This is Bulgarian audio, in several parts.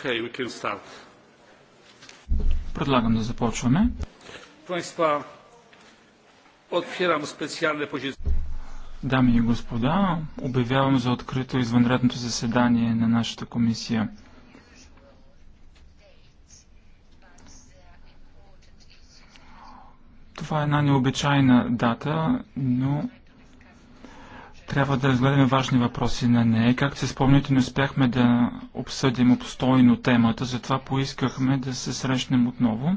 Okay, we can start. Предлагам да започваме. Państwa, otwieram specjalne posiedzenie. Дами и господа, обявявам за открито извънредното заседание на нашата комисия. Това е една необичайна дата, но трябва да разгледаме важни въпроси на нея. Както се спомняте, не успяхме да обсъдим обстойно темата, затова поискахме да се срещнем отново.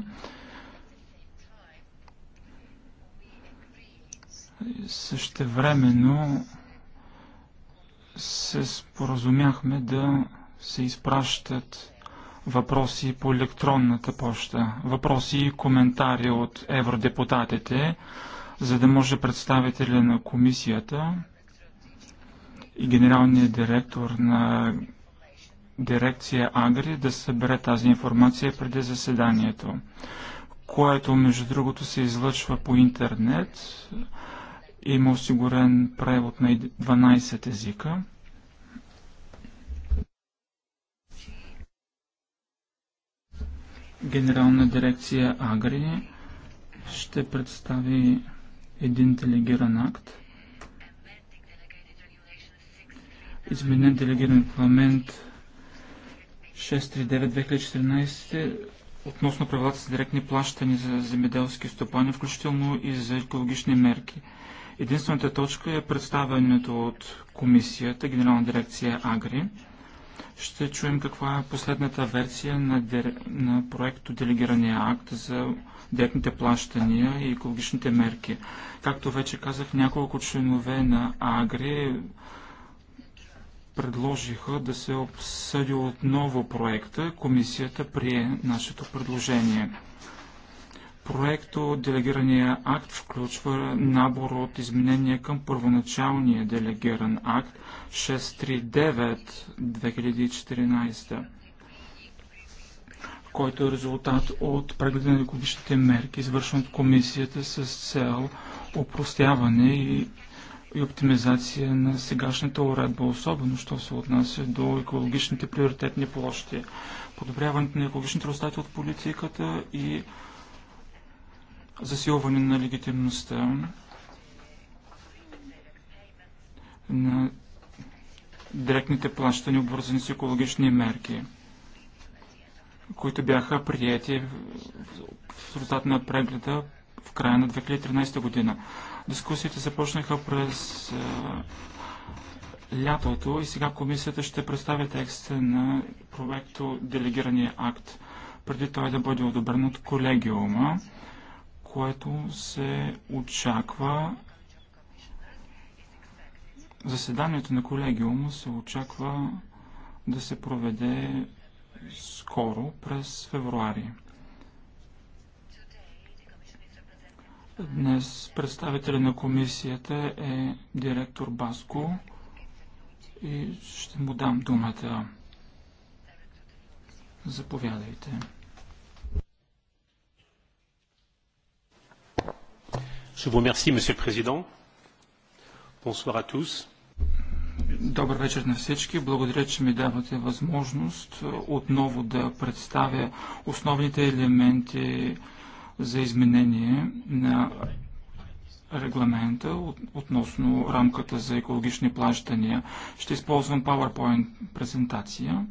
времено се споразумяхме да се изпращат въпроси по електронната почта, въпроси и коментари от евродепутатите, за да може представителя на комисията и генералният директор на дирекция Агри да събере тази информация преди заседанието, което между другото се излъчва по интернет. Има осигурен превод на 12 езика. Генерална дирекция Агри ще представи един делегиран акт – изменен делегиран регламент 639-2014 относно правилата за директни плащани за земеделски стопани, включително и за екологични мерки. Единствената точка е представянето от комисията, генерална дирекция Агри. Ще чуем каква е последната версия на, дир... на проекто Делегирания акт за директните плащания и екологичните мерки. Както вече казах, няколко членове на Агри предложиха да се обсъди отново проекта. Комисията прие нашето предложение. Проекто делегирания акт включва набор от изменения към първоначалния делегиран акт 639-2014, който е резултат от прегледа на годишните мерки, извършен от комисията с цел упростяване и и оптимизация на сегашната уредба, особено що се отнася до екологичните приоритетни площи, подобряването на екологичните резултати от политиката и засилване на легитимността на директните плащания, обвързани с екологични мерки, които бяха прияти в резултат на прегледа в края на 2013 година. Дискусиите започнаха през е, лятото и сега комисията ще представи текста на проекто Делегирания акт, преди той да бъде одобрен от колегиума, което се очаква. Заседанието на колегиума се очаква да се проведе скоро през февруари. Днес представителя на комисията е директор Баско и ще му дам думата. Заповядайте. Je vous remercie, Monsieur le Président. Bonsoir à tous. Добър вечер на всички. Благодаря, че ми давате възможност е, отново да представя основните елементи за изменение на регламента относно рамката за екологични плащания. Ще използвам PowerPoint презентация.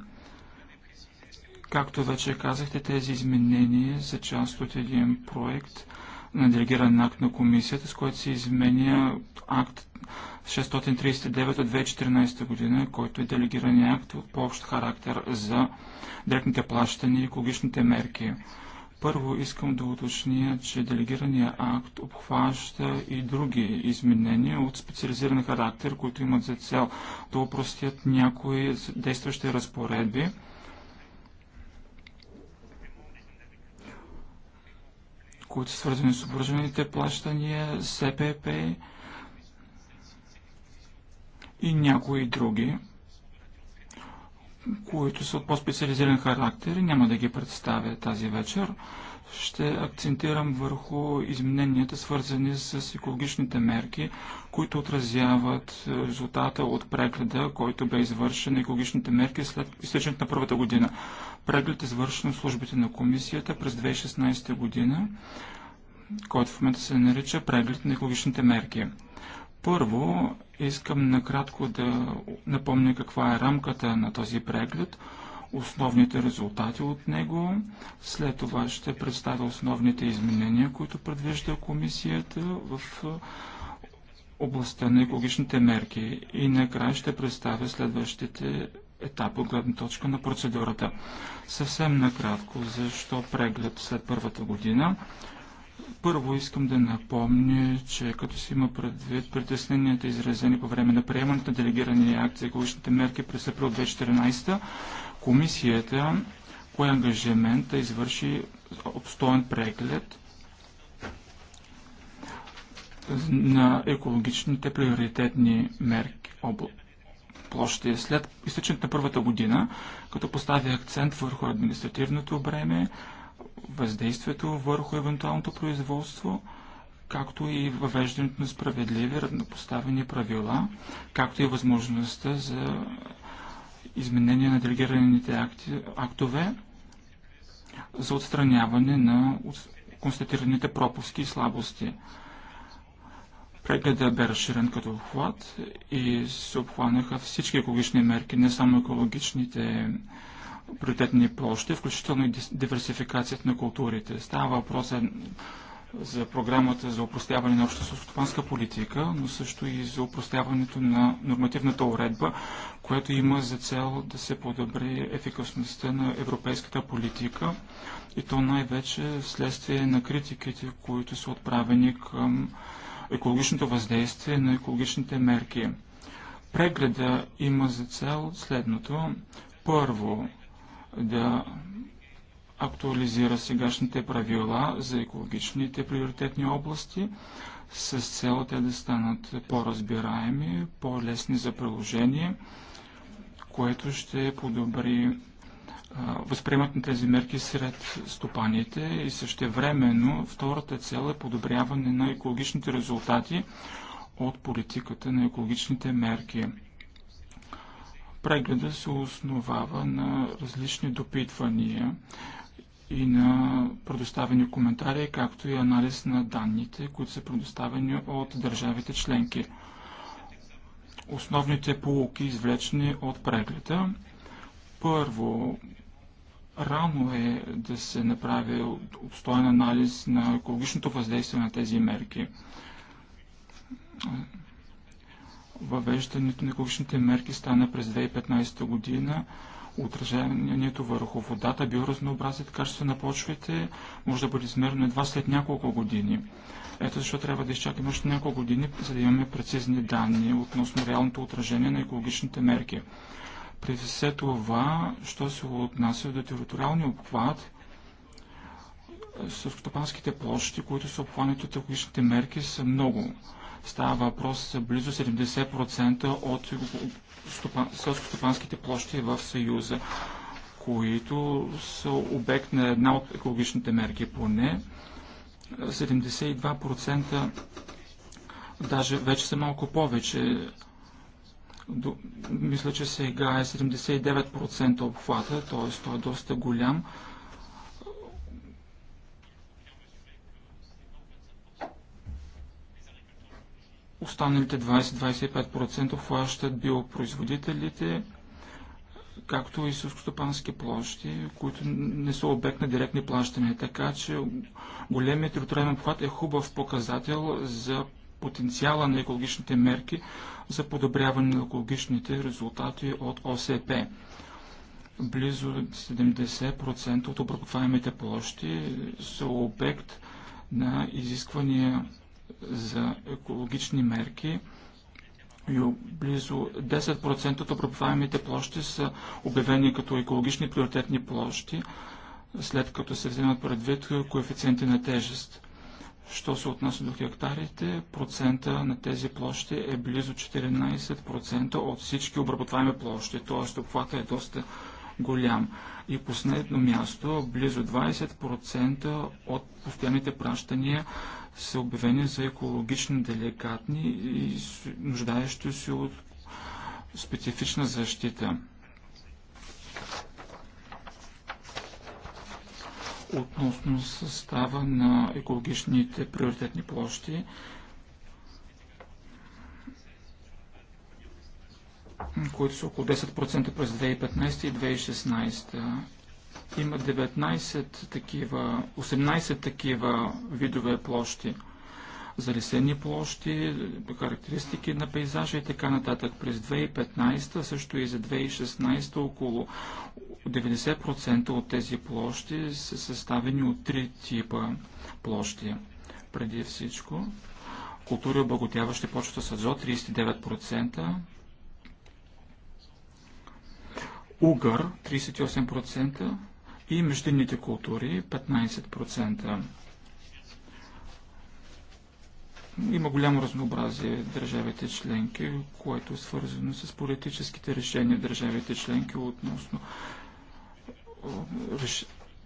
Както вече казахте, тези изменения са част от един проект на делегиран акт на комисията, с който се изменя акт 639 от 2014 година, който е делегиран акт по общ характер за директните плащания и екологичните мерки. Първо искам да уточня, че делегирания акт обхваща и други изменения от специализиран характер, които имат за цел да упростят някои действащи разпоредби. които са свързани с обвържените плащания, СПП и някои други които са от по-специализиран характер, няма да ги представя тази вечер. Ще акцентирам върху измененията, свързани с екологичните мерки, които отразяват е, резултата от прегледа, който бе извършен на екологичните мерки след изтичането на първата година. Преглед е извършен от службите на комисията през 2016 година, който в момента се нарича преглед на екологичните мерки. Първо, искам накратко да напомня каква е рамката на този преглед, основните резултати от него. След това ще представя основните изменения, които предвижда комисията в областта на екологичните мерки. И накрая ще представя следващите етапи от гледна точка на процедурата. Съвсем накратко, защо преглед след първата година? Първо искам да напомня, че като си има предвид притесненията, изразени по време на приемането на делегирани акции и екологичните мерки през април 2014, комисията кое ангажимент да извърши обстоен преглед на екологичните приоритетни мерки площи след изтичането на първата година, като поставя акцент върху административното бреме, въздействието върху евентуалното производство, както и въвеждането на справедливи, равнопоставени правила, както и възможността за изменение на делегираните актове за отстраняване на констатираните пропуски и слабости. Прегледа бе разширен като обхват и се обхванаха всички екологични мерки, не само екологичните мерки, приоритетни площи, включително и диверсификацията на културите. Става въпрос за програмата за упростяване на общата стопанска политика, но също и за упростяването на нормативната уредба, което има за цел да се подобри ефикасността на европейската политика и то най-вече вследствие на критиките, които са отправени към екологичното въздействие на екологичните мерки. Прегледа има за цел следното. Първо, да актуализира сегашните правила за екологичните приоритетни области с цел те да станат по-разбираеми, по-лесни за приложение, което ще подобри възприемат на тези мерки сред стопаните и също времено втората цел е подобряване на екологичните резултати от политиката на екологичните мерки. Прегледа се основава на различни допитвания и на предоставени коментари, както и анализ на данните, които са предоставени от държавите членки. Основните полуки, извлечени от прегледа. Първо, рано е да се направи обстоен анализ на екологичното въздействие на тези мерки. Въвеждането на екологичните мерки стана през 2015 година. Отражението върху водата, биоразнообразието, качеството на почвите може да бъде измерено едва след няколко години. Ето защо трябва да изчакаме още няколко години, за да имаме прецизни данни относно реалното отражение на екологичните мерки. При все това, що се отнася до териториалния обхват, е, селскостопанските площи, които са обхванати от екологичните мерки, са много. Става въпрос за близо 70% от селско-стопанските площи в Съюза, които са обект на една от екологичните мерки. Поне 72% даже вече са малко повече. До, мисля, че сега е 79% обхвата, т.е. той е доста голям. Останалите 20-25% обхващат биопроизводителите, както и сълскостопански площи, които не са обект на директни плащания. Така че големият териториален обхват е хубав показател за потенциала на екологичните мерки за подобряване на екологичните резултати от ОСП. Близо 70% от обработваемите площи са обект на изисквания за екологични мерки и близо 10% от обработваемите площи са обявени като екологични приоритетни площи, след като се вземат предвид коефициенти на тежест. Що се отнася до хектарите, процента на тези площи е близо 14% от всички обработваеми площи, т.е. обхвата е доста голям. И последно място, близо 20% от постоянните пращания са обявени за екологично деликатни и нуждаещи се от специфична защита. Относно състава на екологичните приоритетни площи, които са около 10% през 2015 и 2016. Има 19 такива, 18 такива видове площи. Залесени площи, характеристики на пейзажа и така нататък. През 2015, също и за 2016, около 90% от тези площи са съставени от три типа площи. Преди всичко, култури, обогатяващи почвата с ЗО 39%, угър 38% и междинните култури 15%. Има голямо разнообразие в държавите членки, което е свързано с политическите решения в държавите членки относно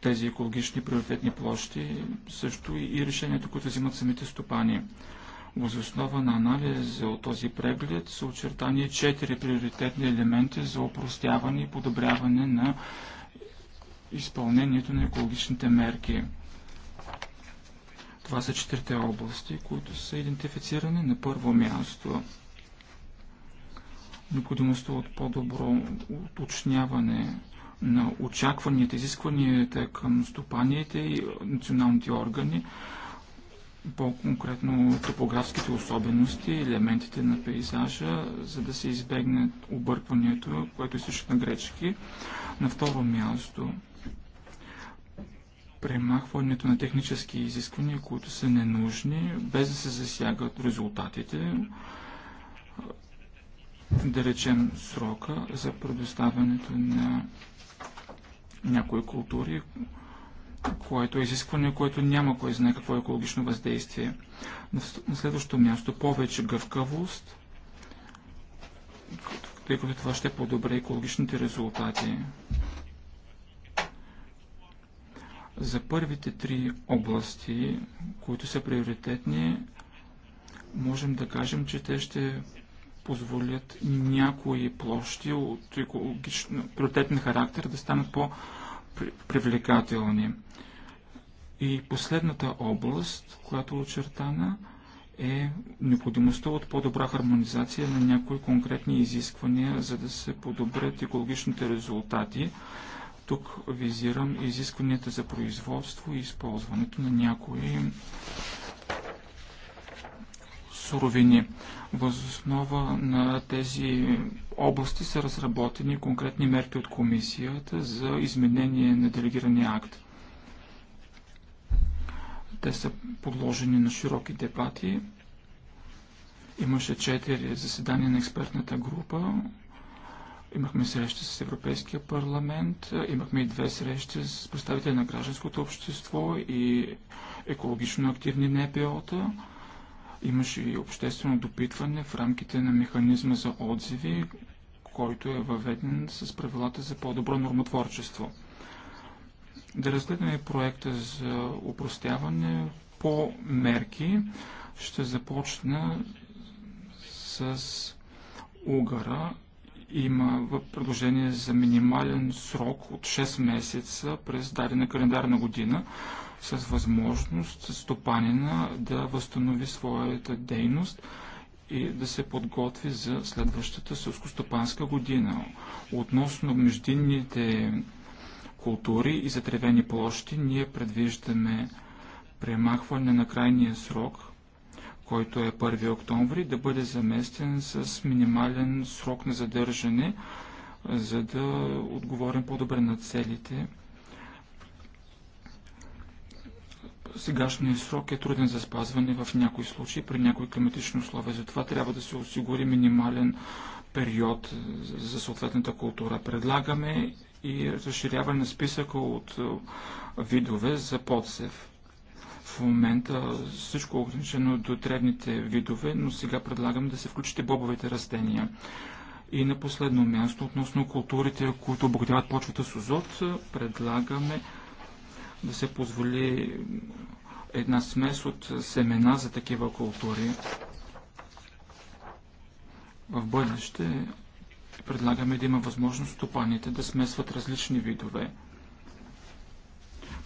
тези екологични приоритетни площи, също и решението, които взимат самите стопани. Възоснова на анализа от този преглед са очертани четири приоритетни елементи за упростяване и подобряване на изпълнението на екологичните мерки. Това са четирите области, които са идентифицирани на първо място. Необходимостта от по-добро уточняване на очакванията, изискванията към стопаниите и националните органи, по-конкретно топографските особености, елементите на пейзажа, за да се избегне объркването, което е също на гречки. На второ място, премахването на технически изисквания, които са ненужни, без да се засягат резултатите, да речем срока за предоставянето на някои култури, което е изискване, което няма кой знае какво е екологично въздействие. На следващото място повече гъвкавост, тъй като това ще подобре екологичните резултати. За първите три области, които са приоритетни, можем да кажем, че те ще позволят някои площи от екологично приоритетен характер да станат по-привлекателни. И последната област, която е очертана, е необходимостта от по-добра хармонизация на някои конкретни изисквания, за да се подобрят екологичните резултати. Тук визирам изискванията за производство и използването на някои суровини. Възоснова на тези области са разработени конкретни мерки от комисията за изменение на делегирания акт. Те са подложени на широки дебати. Имаше четири заседания на експертната група. Имахме срещи с Европейския парламент, имахме и две срещи с представители на гражданското общество и екологично активни НПО-та. Имаше и обществено допитване в рамките на механизма за отзиви, който е въведен с правилата за по-добро нормотворчество да разгледаме проекта за упростяване по мерки. Ще започна с угара. Има предложение за минимален срок от 6 месеца през дадена календарна година с възможност стопанина да възстанови своята дейност и да се подготви за следващата сълскостопанска година. Относно междинните култури и затревени площи, ние предвиждаме премахване на крайния срок, който е 1 октомври, да бъде заместен с минимален срок на задържане, за да отговорим по-добре на целите. Сегашният срок е труден за спазване в някои случаи, при някои климатични условия. Затова трябва да се осигури минимален период за съответната култура. Предлагаме и разширяване на списъка от е, видове за подсев. В момента всичко е ограничено до древните видове, но сега предлагам да се включите бобовите растения. И на последно място, относно културите, които обогатяват почвата с озот, е, предлагаме да се позволи една смес от семена за такива култури. В бъдеще Предлагаме да има възможност стопаните да смесват различни видове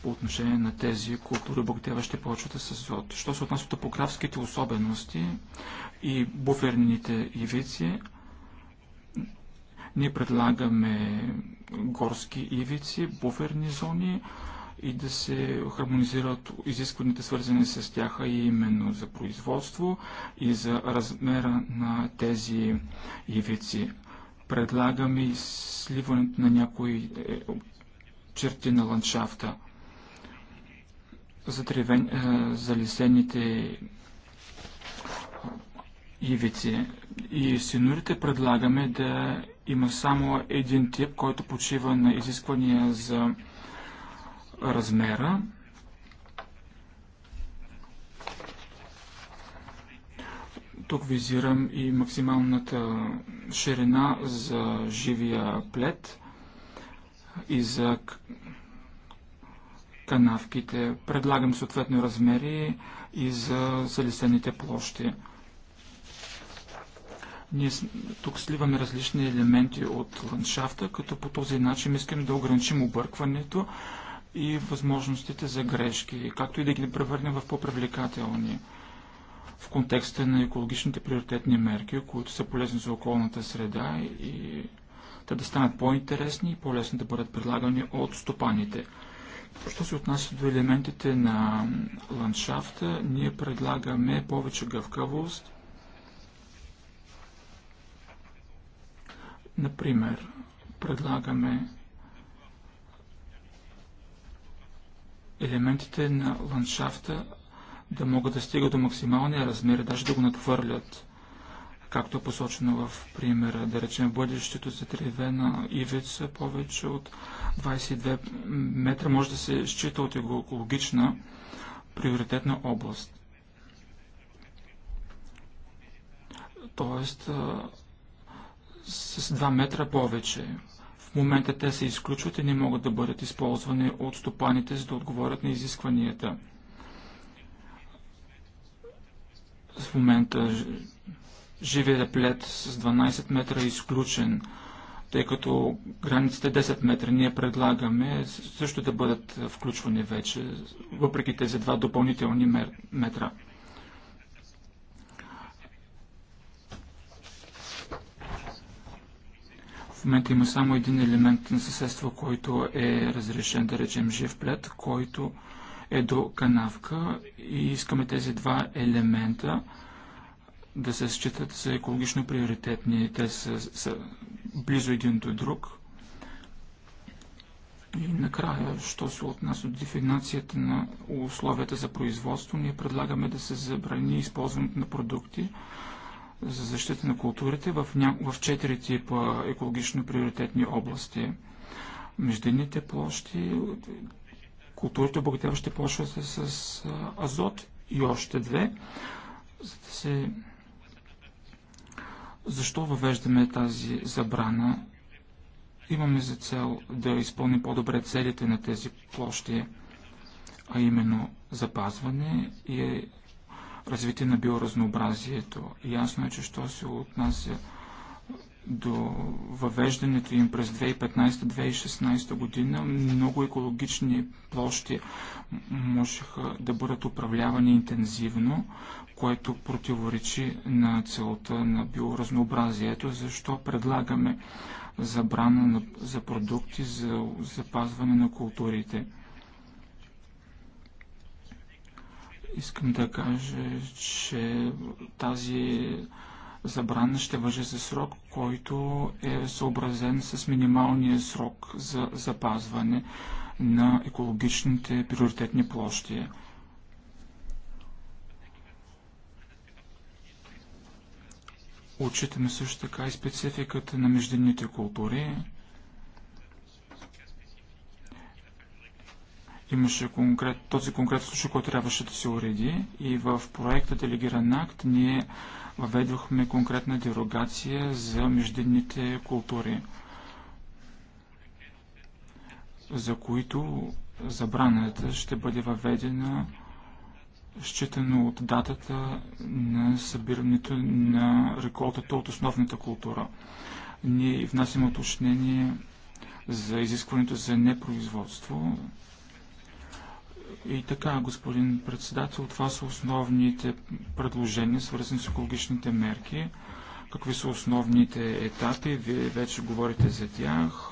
по отношение на тези култури, обогатяващи почвата с зод. Що се отнася топографските особености и буферните ивици, ние предлагаме горски ивици, буферни зони и да се хармонизират изискваните свързани с тях, а именно за производство и за размера на тези ивици. Предлагаме и сливането на някои е, черти на ландшафта. Затревен, е, залесените ивици. И синурите предлагаме да има само един тип, който почива на изисквания за размера Тук визирам и максималната ширина за живия плед и за канавките. Предлагам съответно размери и за залесените площи. Ние тук сливаме различни елементи от ландшафта, като по този начин искаме да ограничим объркването и възможностите за грешки, както и да ги превърнем в по-привлекателни в контекста на екологичните приоритетни мерки, които са полезни за околната среда и те да станат по-интересни и по-лесно да бъдат предлагани от стопаните. Що се отнася до елементите на ландшафта, ние предлагаме повече гъвкавост. Например, предлагаме елементите на ландшафта да могат да стигат до максималния размер и даже да го надхвърлят. Както е посочено в примера, да речем бъдещето за деревена ивица повече от 22 метра може да се счита от екологична приоритетна област. Тоест с 2 метра повече. В момента те се изключват и не могат да бъдат използвани от стопаните, за да отговорят на изискванията. В момента живия плет с 12 метра е изключен, тъй като границите 10 е метра ние предлагаме също да бъдат включвани вече, въпреки тези два допълнителни метра. В момента има само един елемент на съседство, който е разрешен, да речем жив плет, който едро канавка и искаме тези два елемента да се считат за екологично приоритетни. Те са, са близо един до друг. И накрая, що се отнася от дефинацията на условията за производство, ние предлагаме да се забрани използването на продукти за защита на културите в, ня... в четири типа екологично приоритетни области. Междинните площи, културите, обогатяващи почвата с азот и още две. За да се... Защо въвеждаме тази забрана? Имаме за цел да изпълним по-добре целите на тези площи, а именно запазване и развитие на биоразнообразието. Ясно е, че що се отнася до въвеждането им през 2015-2016 година, много екологични площи можеха да бъдат управлявани интензивно, което противоречи на целта на биоразнообразието, защо предлагаме забрана на, за продукти за запазване на културите. Искам да кажа, че тази забрана ще въже за срок, който е съобразен с минималния срок за запазване на екологичните приоритетни площи. Отчитаме също така и спецификата на междинните култури. Имаше конкрет, този конкретен случай, който трябваше да се уреди и в проекта Делегиран акт ние въведохме конкретна дерогация за междинните култури, за които забраната ще бъде въведена считано от датата на събирането на реколтата от основната култура. Ние внасяме уточнение за изискването за непроизводство, и така, господин председател, това са основните предложения, свързани с екологичните мерки. Какви са основните етапи? Вие вече говорите за тях.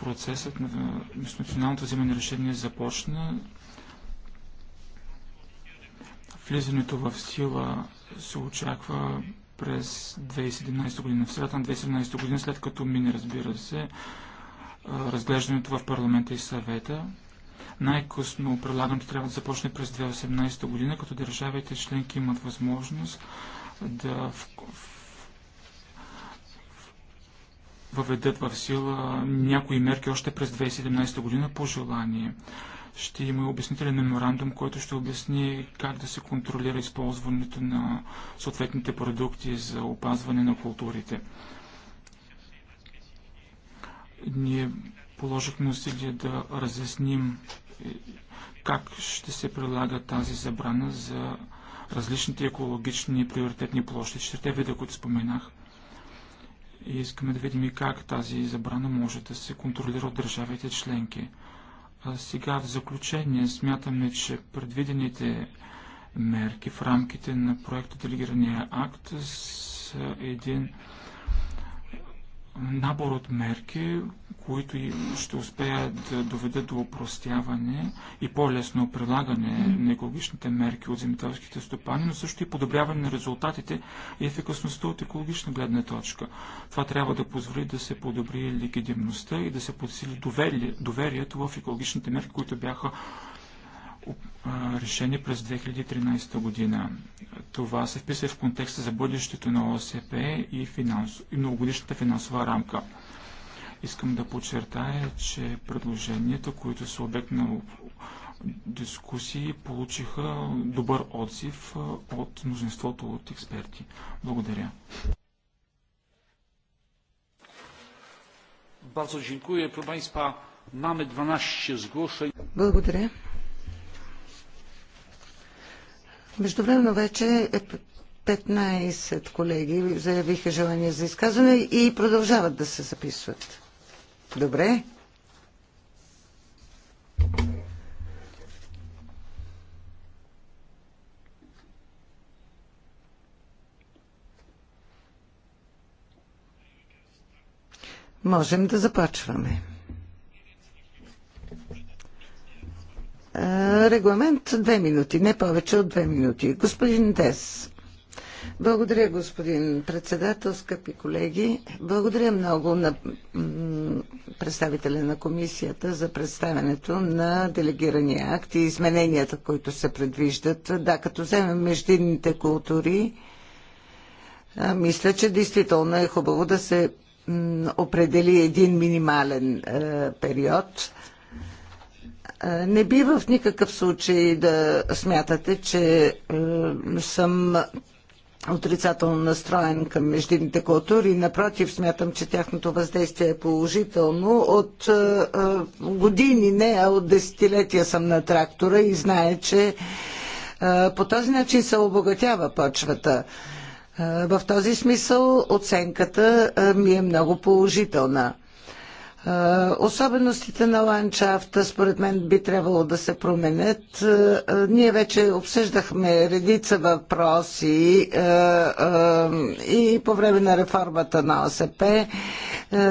Процесът на националното вземане решение започна. Влизането в сила се очаква през 2017 година. В средата на 2017 година, след като мине, разбира се, разглеждането в парламента и съвета. Най-късно прилагането трябва да започне през 2018 година, като държавите членки имат възможност да въведат в сила някои мерки още през 2017 година по желание. Ще има и обяснителен меморандум, който ще обясни как да се контролира използването на съответните продукти за опазване на културите. Ние положихме усилия да разясним е, как ще се прилага тази забрана за различните екологични и приоритетни площи, четирите вида, които споменах. И искаме да видим и как тази забрана може да се контролира от държавите членки. А сега в заключение смятаме, че предвидените мерки в рамките на проекта Делегирания акт са един набор от мерки, които ще успеят да доведат до упростяване и по-лесно прилагане на екологичните мерки от земеделските стопани, но също и подобряване на резултатите и ефикасността от екологична гледна точка. Това трябва да позволи да се подобри легитимността и да се подсили доверието в екологичните мерки, които бяха решени през 2013 година. Това се вписва в контекста за бъдещето на ОСП и, финанс... и многогодишната финансова рамка. Искам да подчертая, че предложенията, които са обект на дискусии, получиха добър отзив от мнозинството от експерти. Благодаря. Bardzo dziękuję. Proszę Państwa, mamy 12 zgłoszeń. Благодаря. Междувременно вече е 15 колеги заявиха желание за изказване и продължават да се записват. Добре. Можем да започваме. Е, регламент две минути, не повече от две минути. Господин Дес. Благодаря, господин председател, скъпи колеги. Благодаря много на представителя на комисията за представянето на делегирания акт и измененията, които се предвиждат. Да, като вземем междинните култури, е, мисля, че действително е хубаво да се определи един минимален е, период – е, не бива в никакъв случай да смятате, че е, съм отрицателно настроен към междинните култури. Напротив, смятам, че тяхното въздействие е положително. От е, години, не, а от десетилетия съм на трактора и знае, че по този начин се обогатява почвата. в този смисъл оценката ми е много положителна. Е, особеностите на ландшафта, според мен, би трябвало да се променят. Е, е, ние вече обсъждахме редица въпроси и по време на реформата на ОСП.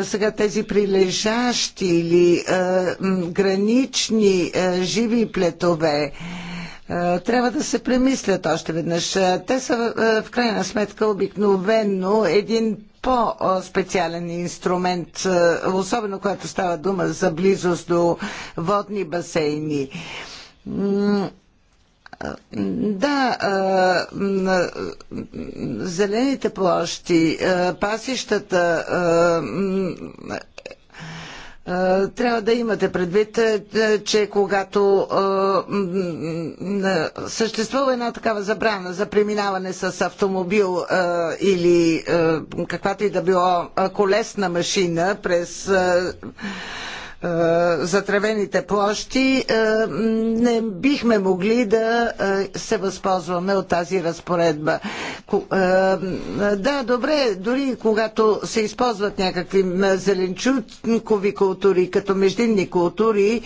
Сега тези прилежащи или гранични живи плетове, е, трябва да се премислят още веднъж. Е, те са е, в крайна сметка обикновено един по-специален инструмент, особено когато става дума за близост до водни басейни. Да, зелените площи, пасищата, трябва да имате предвид, че когато съществува една такава забрана за преминаване с автомобил или каквато и да било колесна машина през е, затревените площи, е, не бихме могли да е, се възползваме от тази разпоредба. Да, добре, дори когато се използват някакви зеленчукови култури, като междинни култури,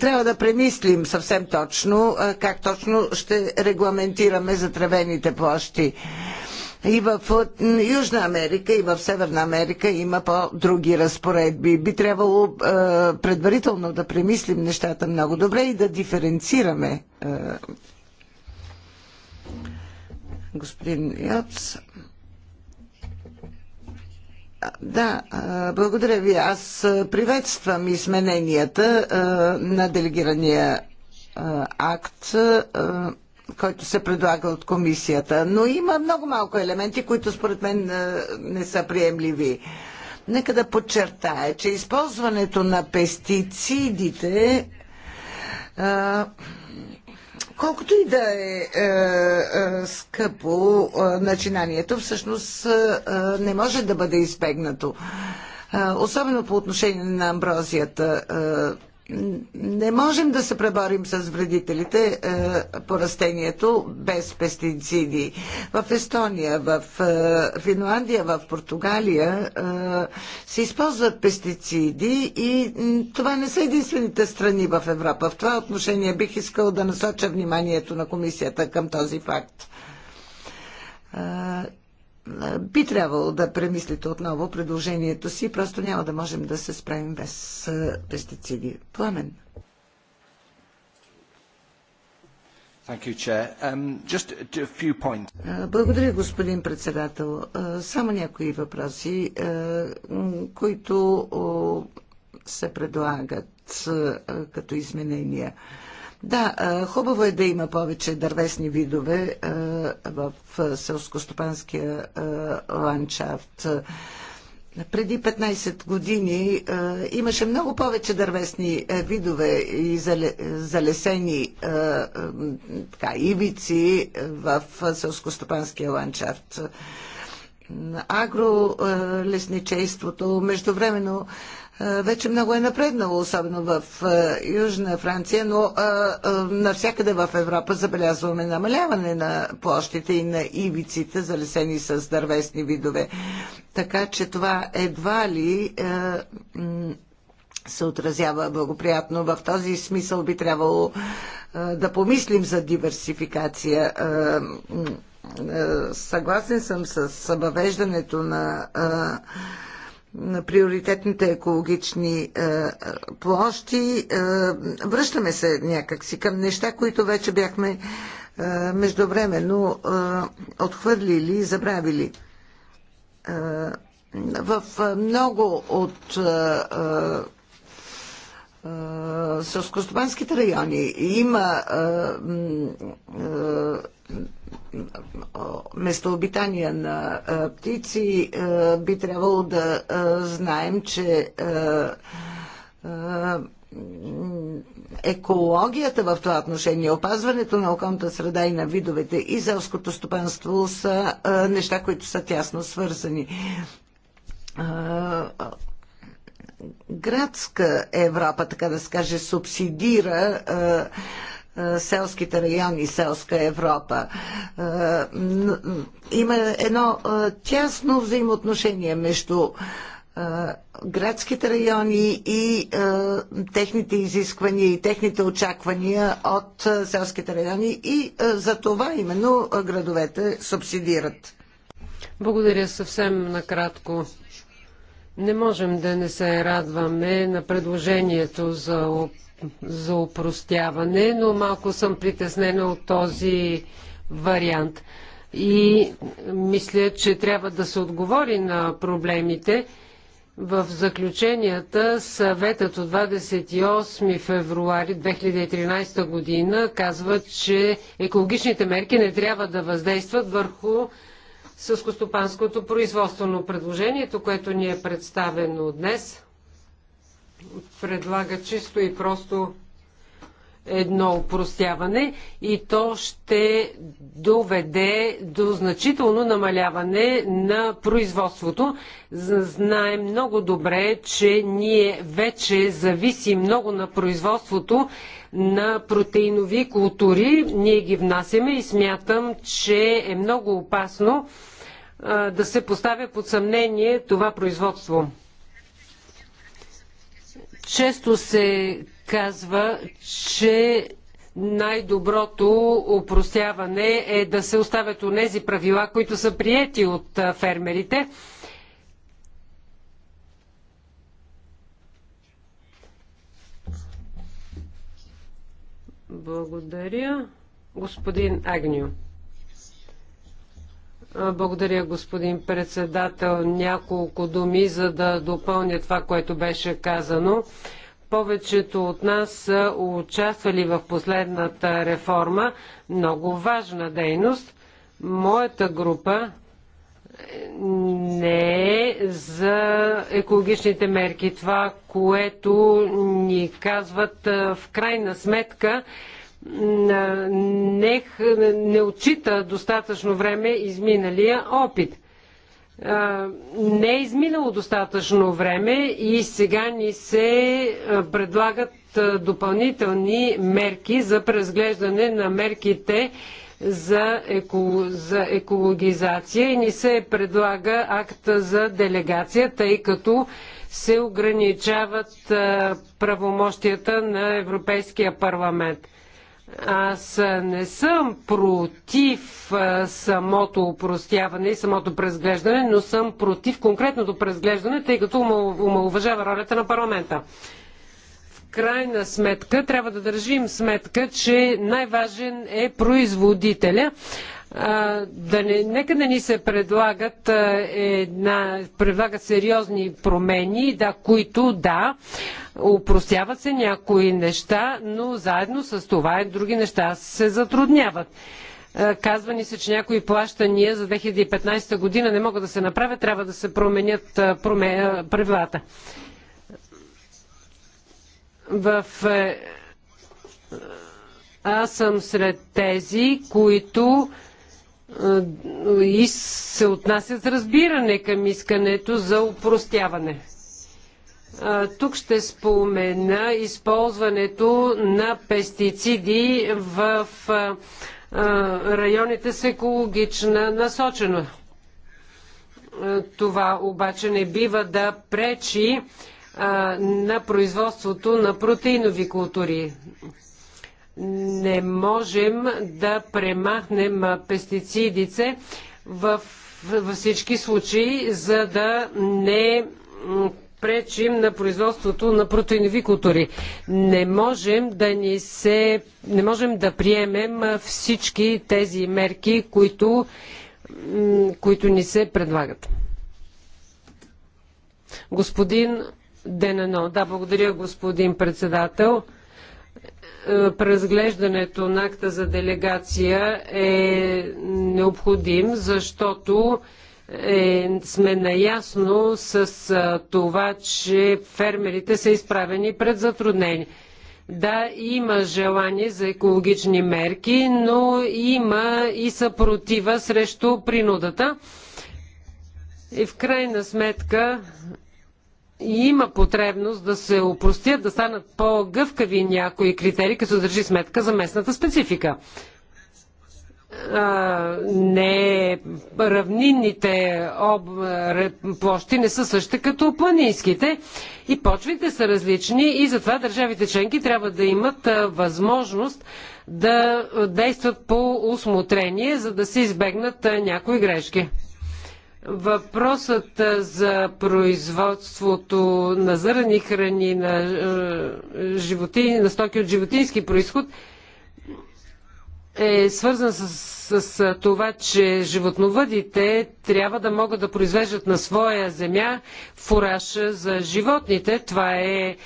трябва да премислим съвсем точно как точно ще регламентираме затревените площи. И в Южна Америка, и в Северна Америка има по-други разпоредби. Би трябвало е, предварително да премислим нещата много добре и да диференцираме. Е. господин Йопс. Да, е, благодаря ви. Аз приветствам измененията на делегирания акт който се предлага от комисията. Но има много малко елементи, които според мен е, не са приемливи. Нека да подчертая, че използването на пестицидите е, колкото и да е, е скъпо начинанието, всъщност не може да бъде избегнато. особено по отношение на амброзията не можем да се преборим с вредителите е, по растението без пестициди. В Естония, в е, Финландия, в Португалия е, се използват пестициди и това не са единствените страни в Европа. В това отношение бих искал да насоча вниманието на комисията към този факт би трябвало да премислите отново предложението си. Просто няма да можем да се справим без пестициди. Пламен. Um, благодаря, господин председател. Само някои въпроси, които се предлагат като изменения. Да, хубаво е да има повече дървесни видове в селскостопанския ландшафт. Преди 15 години имаше много повече дървесни видове и залесени така, ивици в селскостопанския ландшафт. Агролесничейството междувременно вече много е напреднало, особено в Южна Франция, но навсякъде в Европа забелязваме намаляване на площите и на ивиците, залесени с дървесни видове. Така че това едва ли се отразява благоприятно. В този смисъл би трябвало да помислим за диверсификация. Съгласен съм с въвеждането на на приоритетните екологични е, е, площи. Е, връщаме се някакси към неща, които вече бяхме междувременно отхвърлили и забравили. В много от сълскостопанските райони има местообитания на птици, би трябвало да знаем, че екологията в това отношение, опазването на околната среда и на видовете и селското стопанство са неща, които са тясно свързани градска Европа, така да се каже, субсидира е, е, селските райони, селска Европа. Е, има едно тясно взаимоотношение между градските райони и техните изисквания и техните очаквания от селските райони и за това именно градовете субсидират. Благодаря съвсем накратко. Не можем да не се радваме на предложението за, за упростяване, но малко съм притеснена от този вариант. И мисля, че трябва да се отговори на проблемите. В заключенията съветът от 28 февруари 2013 година казва, че екологичните мерки не трябва да въздействат върху сълскостопанското производство. Но предложението, което ни е представено днес, предлага чисто и просто едно упростяване и то ще доведе до значително намаляване на производството. Знаем много добре, че ние вече зависим много на производството на протеинови култури. Ние ги внасяме и смятам, че е много опасно да се поставя под съмнение това производство. Често се казва, че най-доброто упростяване е да се оставят у нези правила, които са приети от фермерите. Благодаря. Господин Агню. Благодаря, господин председател. Няколко думи, за да допълня това, което беше казано. Повечето от нас са участвали в последната реформа. Много важна дейност. Моята група не е за екологичните мерки. Това, което ни казват в крайна сметка, не, не отчита достатъчно време изминалия опит не е изминало достатъчно време и сега ни се предлагат допълнителни мерки за преразглеждане на мерките за, еко, за екологизация и ни се предлага акт за делегация, тъй като се ограничават правомощията на Европейския парламент. Аз не съм против самото упростяване и самото презглеждане, но съм против конкретното презглеждане, тъй като омалуважава ролята на парламента. В крайна сметка трябва да държим сметка, че най-важен е производителя да не, нека да ни се предлагат, една, предлагат сериозни промени, да, които да, упростяват се някои неща, но заедно с това и други неща се затрудняват. Казва ни се, че някои плащания за 2015 година не могат да се направят, трябва да се променят проме, правилата. В е, аз съм сред тези, които и се отнася с разбиране към искането за упростяване. Тук ще спомена използването на пестициди в районите с екологична насочена. Това обаче не бива да пречи на производството на протеинови култури не можем да премахнем пестицидите във всички случаи, за да не пречим на производството на протеинови култури. Не можем да ни се, не можем да приемем всички тези мерки, които, които ни се предлагат. Господин Денено, да, благодаря господин председател. Е, преразглеждането на акта за делегация е необходим, защото е, сме наясно с а, е, това, че фермерите са изправени пред затруднения. Да, има желание за екологични мерки, но има и съпротива срещу принудата. И в крайна сметка и има потребност да се опростят, да станат по-гъвкави някои критерии, като държи сметка за местната специфика. А, не равнинните об, площи не са същите като планинските и почвите са различни и затова държавите членки трябва да имат а, възможност да действат по усмотрение, за да се избегнат а, някои грешки. Въпросът за производството на зърни храни, на, животин, на стоки от животински происход е свързан с, с, с това, че животновъдите трябва да могат да произвеждат на своя земя фураж за животните. Това е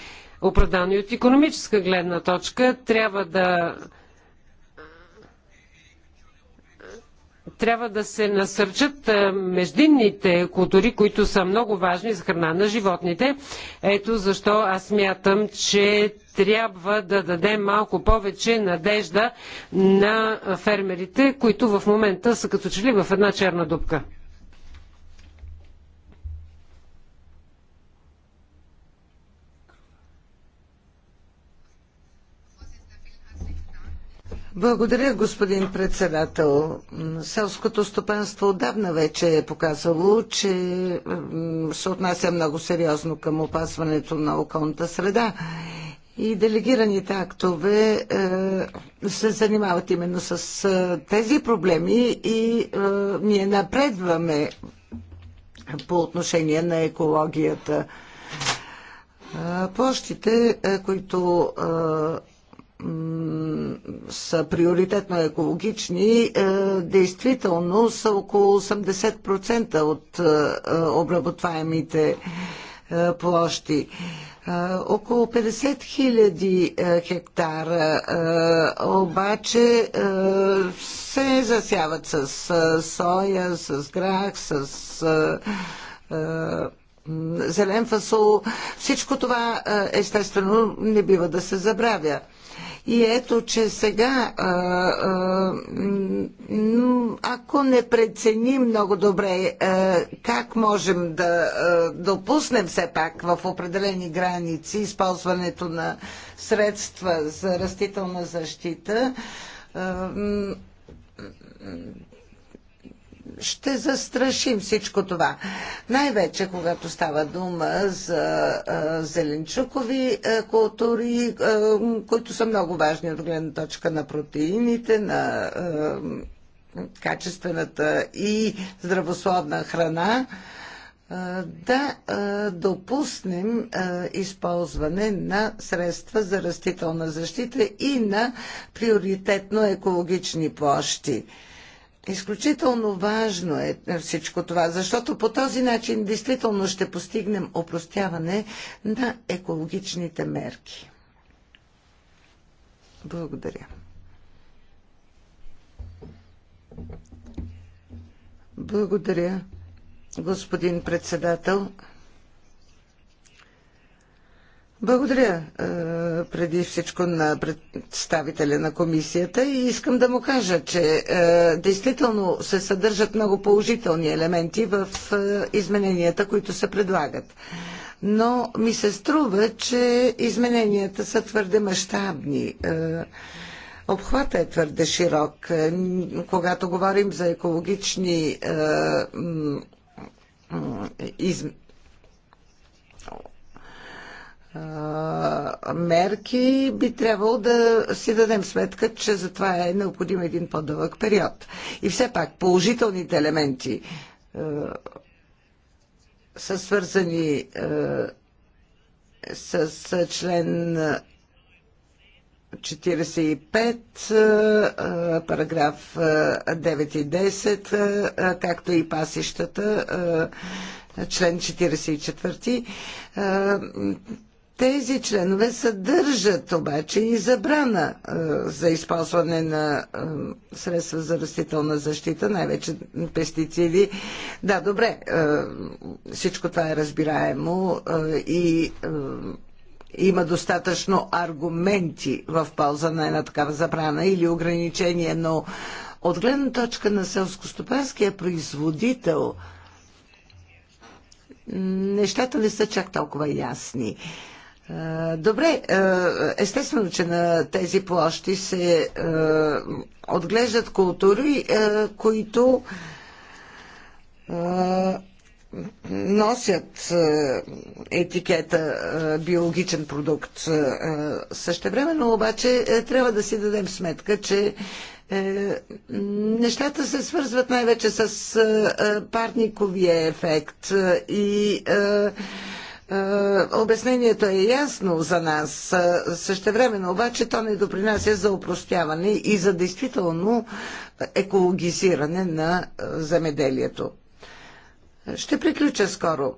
оправдано и от економическа гледна точка. Трябва да трябва да се насърчат е, междинните култури, които са много важни за храна на животните. Ето защо аз мятам, че трябва да дадем малко повече надежда на фермерите, които в момента са като че ли в една черна дупка. Благодаря, господин председател. Селското стопанство отдавна вече е показало, че се отнася много сериозно към опасването на околната среда. И делегираните актове е, се занимават именно с е, тези проблеми и е, ние напредваме по отношение на екологията. Площите, които са приоритетно екологични, е, действително са около 80% от е, обработваемите е, площи. Около 50 хиляди хектара обаче се засяват с соя, с грах, с зелен фасол. Всичко това естествено не бива да се забравя. И ето, че сега, а, а, ако не преценим много добре а, как можем да а, допуснем все пак в определени граници използването на средства за растителна защита, а, ще застрашим всичко това. Най-вече, когато става дума за а, зеленчукови а, култури, а, които са много важни от гледна точка на протеините, на а, качествената и здравословна храна, а, да а, допуснем а, използване на средства за растителна защита и на приоритетно екологични площи. Изключително важно е всичко това, защото по този начин действително ще постигнем опростяване на екологичните мерки. Благодаря. Благодаря, господин председател. Благодаря е, преди всичко на представителя на комисията и искам да му кажа, че е, действително се съдържат много положителни елементи в е, измененията, които се предлагат. Но ми се струва, че измененията са твърде мащабни. Обхвата е твърде широк. Когато говорим за екологични из, мерки, би трябвало да си дадем сметка, че за това е необходим един по-дълъг период. И все пак положителните елементи а, са свързани а, с, член 45, параграф 9 и 10, както и пасищата, член 44 тези членове съдържат обаче и забрана е, за използване на е, средства за растителна защита, най-вече пестициди. Да, добре, е, всичко това е разбираемо и има достатъчно аргументи в полза на една такава забрана или ограничение, но от гледна точка на селскостопанския производител нещата не са чак толкова ясни. Е, добре, е, естествено, че на тези площи се е, отглеждат култури, които носят етикета биологичен продукт. Същевременно обаче трябва да си дадем сметка, че нещата се свързват най-вече с парниковия ефект и е, обяснението е ясно за нас. Е, същевременно обаче то не допринася за упростяване и за действително екологизиране на е, земеделието. Ще приключа скоро.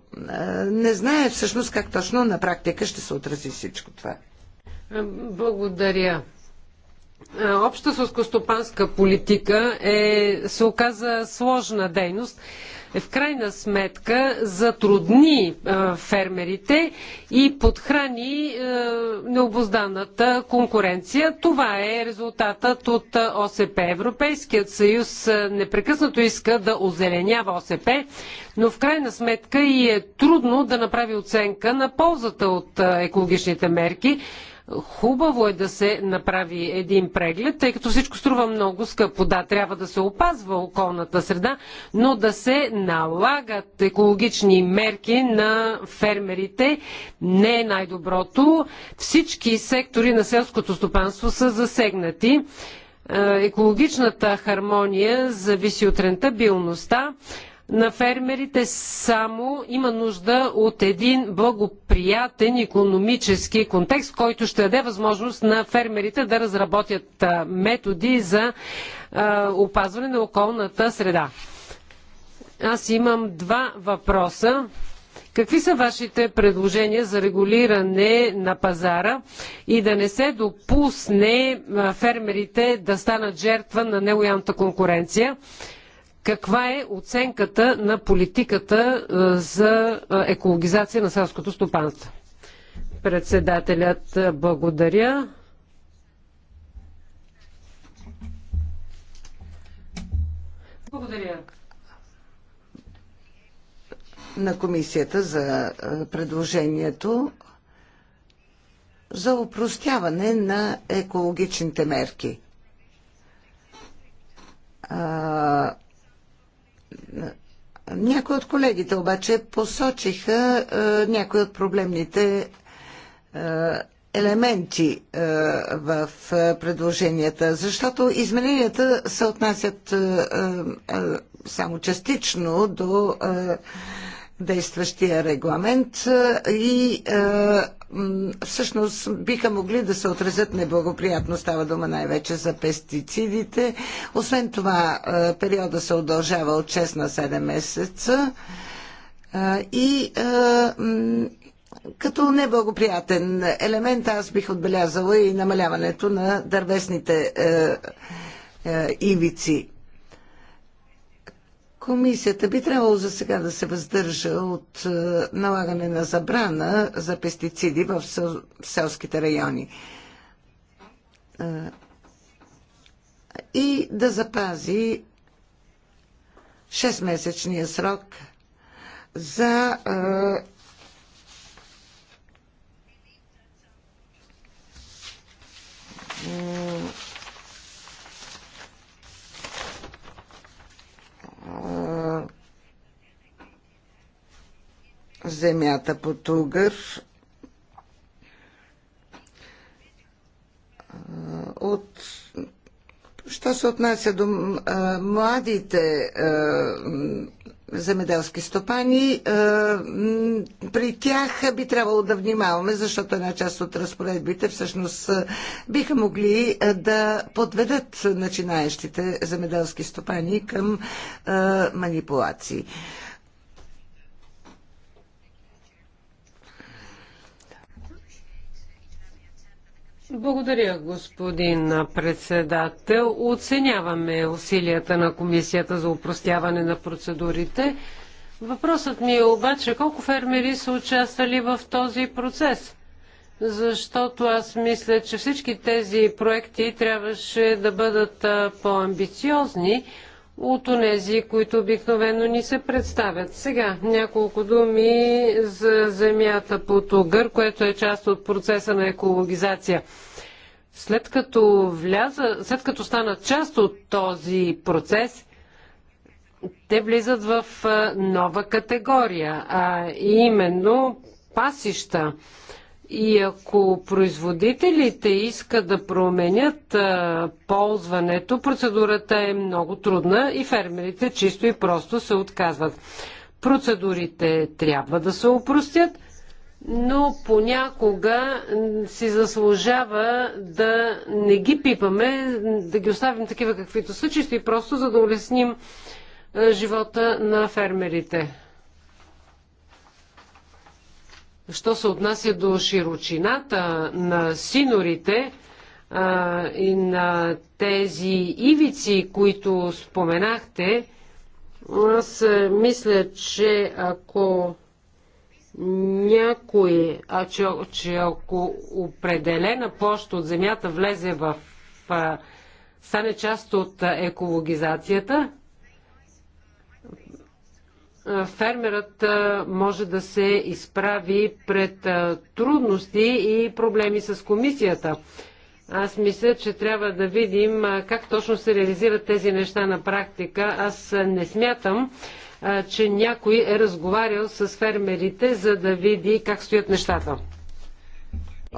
Не знае всъщност как точно на практика ще се отрази всичко това. Благодаря. Обща сълскостопанска политика е, се оказа сложна дейност е в крайна сметка затрудни е, фермерите и подхрани е, необозданата конкуренция. Това е резултатът от ОСП. Европейският съюз непрекъснато иска да озеленява ОСП, но в крайна сметка и е трудно да направи оценка на ползата от екологичните мерки Хубаво е да се направи един преглед, тъй като всичко струва много скъпо. Да, трябва да се опазва околната среда, но да се налагат екологични мерки на фермерите не е най-доброто. Всички сектори на селското стопанство са засегнати е, екологичната хармония зависи от рентабилността, на фермерите само има нужда от един благоприятен економически контекст, който ще даде възможност на фермерите да разработят методи за опазване на околната среда. Аз имам два въпроса. Какви са вашите предложения за регулиране на пазара и да не се допусне фермерите да станат жертва на нелоялната конкуренция? Каква е оценката на политиката е, за е, екологизация на селското стопанство? Председателят е, благодаря. Благодаря. На комисията за предложението за упростяване на екологичните мерки. А, някои от колегите обаче посочиха е, някои от проблемните е, елементи е, в е, предложенията, защото измененията се отнасят е, е, само частично до действащия регламент и всъщност биха могли да се отразят неблагоприятно. Става дума най-вече за пестицидите. Освен това, периода се удължава от 6 на 7 месеца и като неблагоприятен елемент аз бих отбелязала и намаляването на дървесните ивици. Комисията би трябвало за сега да се въздържа от е, налагане на забрана за пестициди в селските райони е, и да запази 6-месечния срок за е, земята по Тугър. От Що се отнася до а, младите а, земеделски стопани. Е, при тях би трябвало да внимаваме, защото една част от разпоредбите всъщност е, биха могли е, да подведат начинаещите земеделски стопани към манипулации. Благодаря, господин председател. Оценяваме усилията на Комисията за упростяване на процедурите. Въпросът ми е обаче колко фермери са участвали в този процес? Защото аз мисля, че всички тези проекти трябваше да бъдат по-амбициозни, от онези, които обикновено ни се представят. Сега няколко думи за земята под Огър, което е част от процеса на екологизация. След като, вляза, след като стана част от този процес, те влизат в нова категория, а именно пасища. И ако производителите искат да променят а, ползването, процедурата е много трудна и фермерите чисто и просто се отказват. Процедурите трябва да се упростят, но понякога си заслужава да не ги пипаме, да ги оставим такива каквито са, чисто и просто, за да улесним живота на фермерите. Що се отнася до широчината на синорите а, и на тези ивици, които споменахте, аз мисля, че ако някой, а че, че ако определена площ от земята влезе в а, стане част от екологизацията, фермерът може да се изправи пред трудности и проблеми с комисията. Аз мисля, че трябва да видим как точно се реализират тези неща на практика. Аз не смятам, че някой е разговарял с фермерите, за да види как стоят нещата.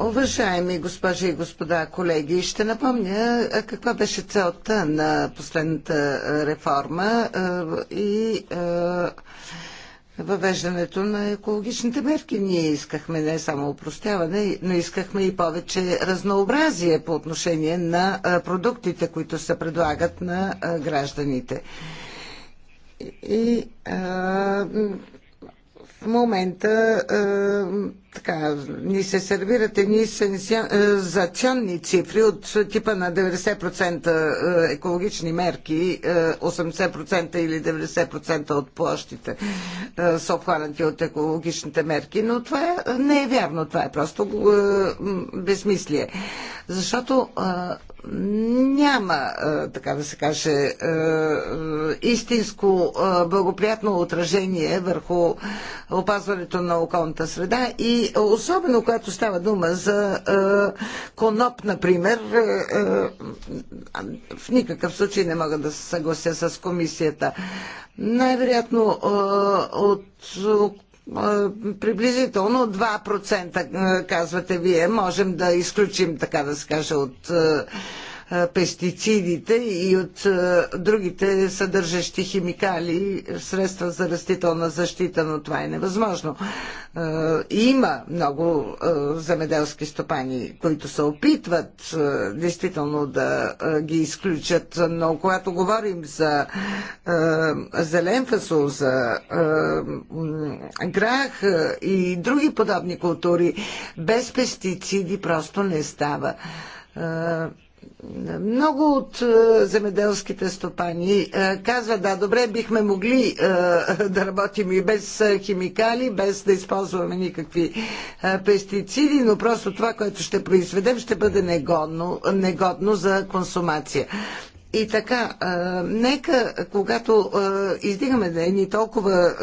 Уважаеми госпожи и господа колеги, ще напомня каква беше целта на последната реформа и въвеждането на екологичните мерки. Ние искахме не само упростяване, но искахме и повече разнообразие по отношение на продуктите, които се предлагат на гражданите. И в момента така, ни се сервират едни сензационни е, цифри от типа на 90% е, екологични мерки, 80% е, или 90% от площите са обхванати от екологичните мерки, но това не е вярно, това е просто безмислие. Защото няма, така да се каже, истинско благоприятно отражение върху опазването на околната среда и особено когато става дума за е, коноп, например, е, е, в никакъв случай не мога да се съглася с комисията. Най-вероятно от приблизително 2% казвате вие, можем да изключим, така да се каже, от пестицидите и от другите съдържащи химикали средства за растителна защита, но това е невъзможно. Има много земеделски стопани, които се опитват действително да ги изключат, но когато говорим за зелен фасол, за грах и други подобни култури, без пестициди просто не става. Много от е, земеделските стопани е, казват, да, добре, бихме могли е, да работим и без химикали, без да използваме никакви пестициди, но просто това, което ще произведем, ще бъде негодно, негодно за консумация. И така, нека, когато а, издигаме ни толкова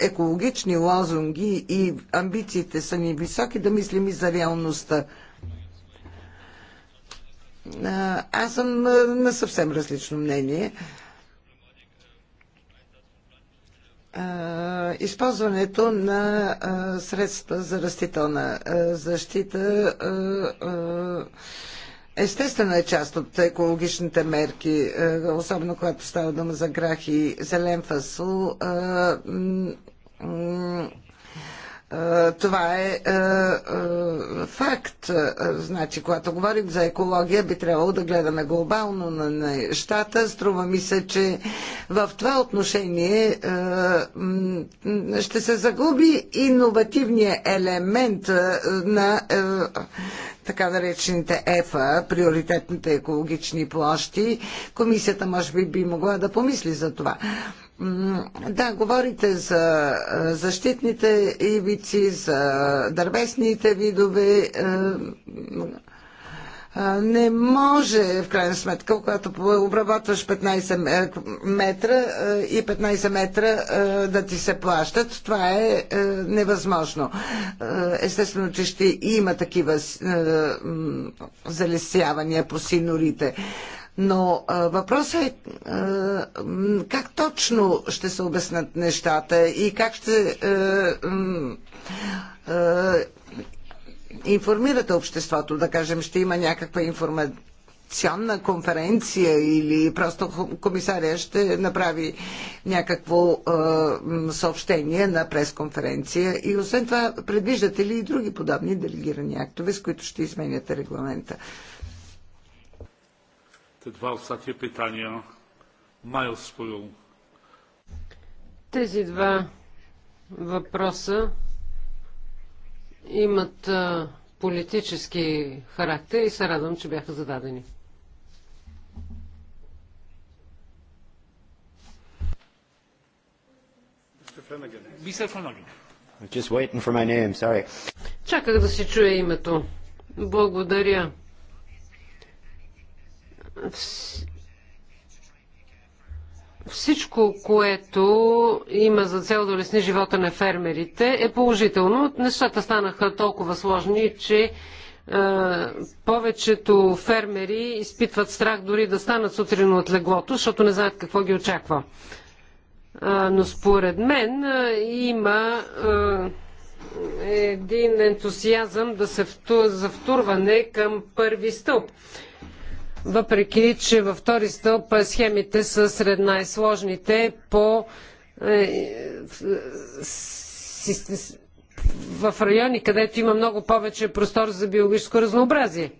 екологични лозунги и амбициите са ни високи, да мислим и за реалността. Аз съм на съвсем различно мнение. използването на средства за растителна защита естествена е част от екологичните мерки, особено когато става дума за грах и зелен фасол. Е, това е, е, е факт. Значи, когато говорим за екология, би трябвало да гледаме глобално на нещата. Струва ми се, че в това отношение ще се загуби иновативния елемент на така наречените ЕФА, приоритетните екологични площи. Комисията може би би могла да помисли за това. Да, говорите за защитните ивици, за дървесните видове. Е, не може, в крайна сметка, когато обработваш 15 е, метра е, и 15 метра да ти се плащат, това е невъзможно. Естествено, че ще има такива залесявания по синорите. Но а, въпросът е а, как точно ще се обяснат нещата и как ще а, е, а, е, информирате обществото, да кажем, ще има някаква информация конференция или просто комисария ще направи някакво е, съобщение на пресконференция. И освен това, предвиждате ли и други подобни делегирани актове, с които ще изменяте регламента? Te dwa ostatnie pytania mają swoją. Тези два въпроса имат политически характер и се радвам, че бяха зададени. Чаках да си чуя името. Благодаря всичко, което има за цел да улесни живота на фермерите, е положително. Нещата станаха толкова сложни, че е, повечето фермери изпитват страх дори да станат сутрин от леглото, защото не знаят какво ги очаква. Е, но според мен е, има е, един ентусиазъм да се втур, за втурване към първи стълб въпреки че във втори стълб схемите са сред най-сложните по е, в райони, където има много повече простор за биологическо разнообразие.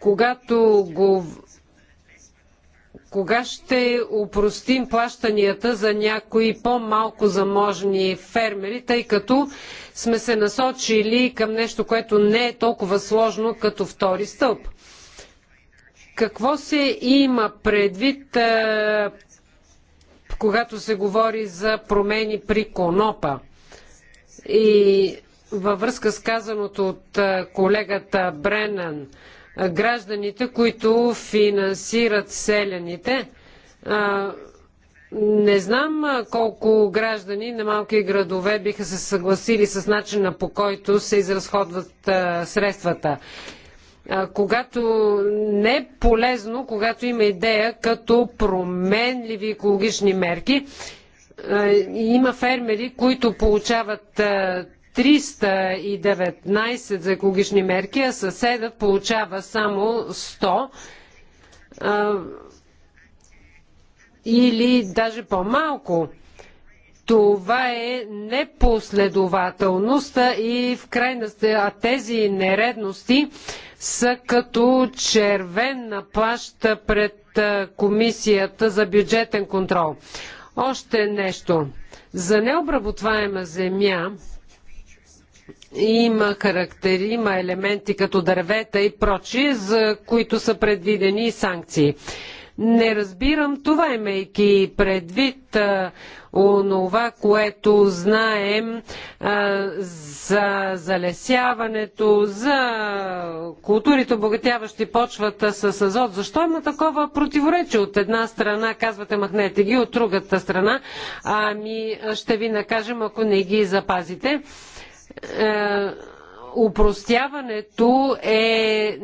Когато го кога ще упростим плащанията за някои по-малко заможни фермери, тъй като сме се насочили към нещо, което не е толкова сложно като втори стълб? Какво се има предвид, е, когато се говори за промени при конопа? И във връзка с казаното от е, колегата Бренан, е, гражданите, които финансират селените? не знам колко граждани на малки градове биха се съгласили с начина по който се изразходват средствата когато не е полезно, когато има идея като променливи екологични мерки. Има фермери, които получават 319 за екологични мерки, а съседът получава само 100 или даже по-малко. Това е непоследователността и в крайна а тези нередности са като червена плаща пред Комисията за бюджетен контрол. Още нещо. За необработваема земя има характери, има елементи като дървета и прочие, за които са предвидени и санкции. Не разбирам това, имайки предвид а, онова, което знаем а, за залесяването, за културите, обогатяващи почвата с азот. Защо има такова противоречие? От една страна казвате махнете ги, от другата страна ами ще ви накажем, ако не ги запазите е, упростяването е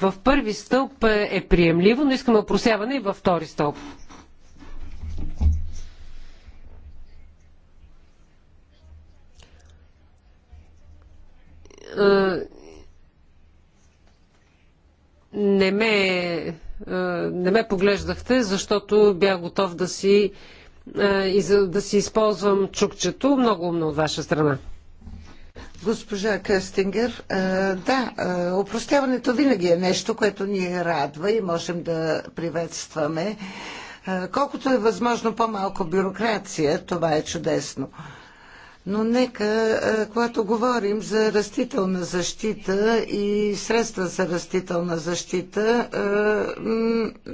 в първи стълб е приемливо, но искаме упростяване и във втори стълб. Не ме, не ме поглеждахте, защото бях готов да си, да си използвам чукчето. Много умно от ваша страна. Госпожа Кръстингер, да, опростяването винаги е нещо, което ни радва и можем да приветстваме. Колкото е възможно по-малко бюрокрация, това е чудесно. Но нека, когато говорим за растителна защита и средства за растителна защита,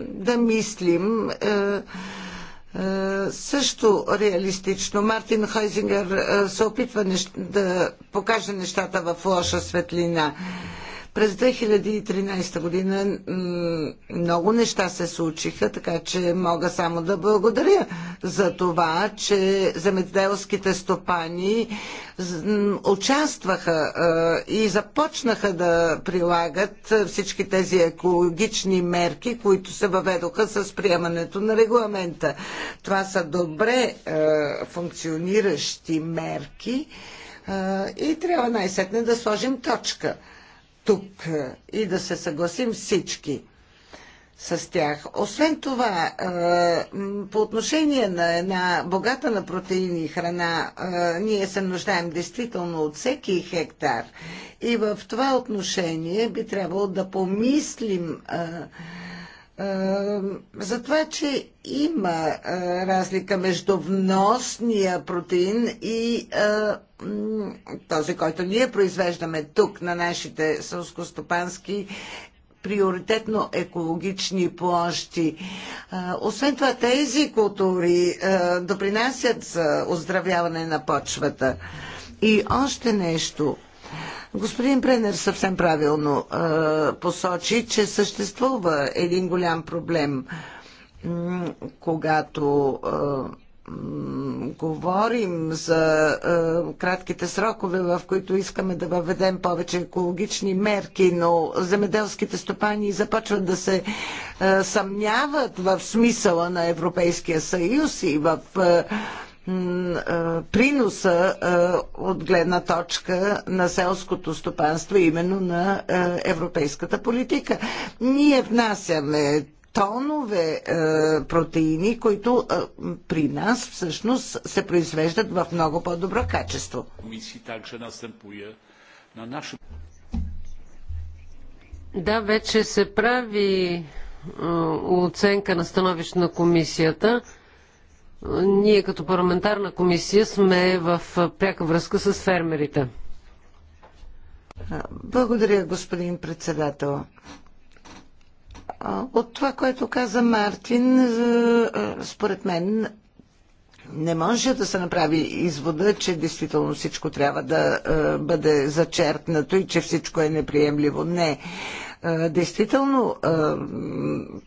да мислим е, също реалистично. Мартин Хойзингер е, се опитва нещ... да покаже нещата в лоша светлина. През 2013 година много неща се случиха, така че мога само да благодаря за това, че земеделските стопани участваха и започнаха да прилагат всички тези екологични мерки, които се въведоха с приемането на регламента. Това са добре функциониращи мерки и трябва най-сетне да сложим точка – тук и да се съгласим всички с тях. Освен това, по отношение на една богата на протеини храна, ние се нуждаем действително от всеки хектар. И в това отношение би трябвало да помислим за това, че има разлика между вносния протеин и този, който ние произвеждаме тук на нашите сълскостопански приоритетно екологични площи. Освен това, тези култури допринасят за оздравяване на почвата. И още нещо. Господин Пренер съвсем правилно посочи, че съществува един голям проблем, когато говорим за кратките срокове, в които искаме да въведем повече екологични мерки, но земеделските стопани започват да се съмняват в смисъла на Европейския съюз и в приноса от гледна точка на селското стопанство, именно на европейската политика. Ние внасяме тонове протеини, които при нас всъщност се произвеждат в много по-добро качество. Да, вече се прави оценка на становище на комисията. Ние като парламентарна комисия сме в пряка връзка с фермерите. Благодаря, господин председател. От това, което каза Мартин, е, е, според мен не може да се направи извода, че действително всичко трябва да е, бъде зачеркнато и че всичко е неприемливо. Не. Действително,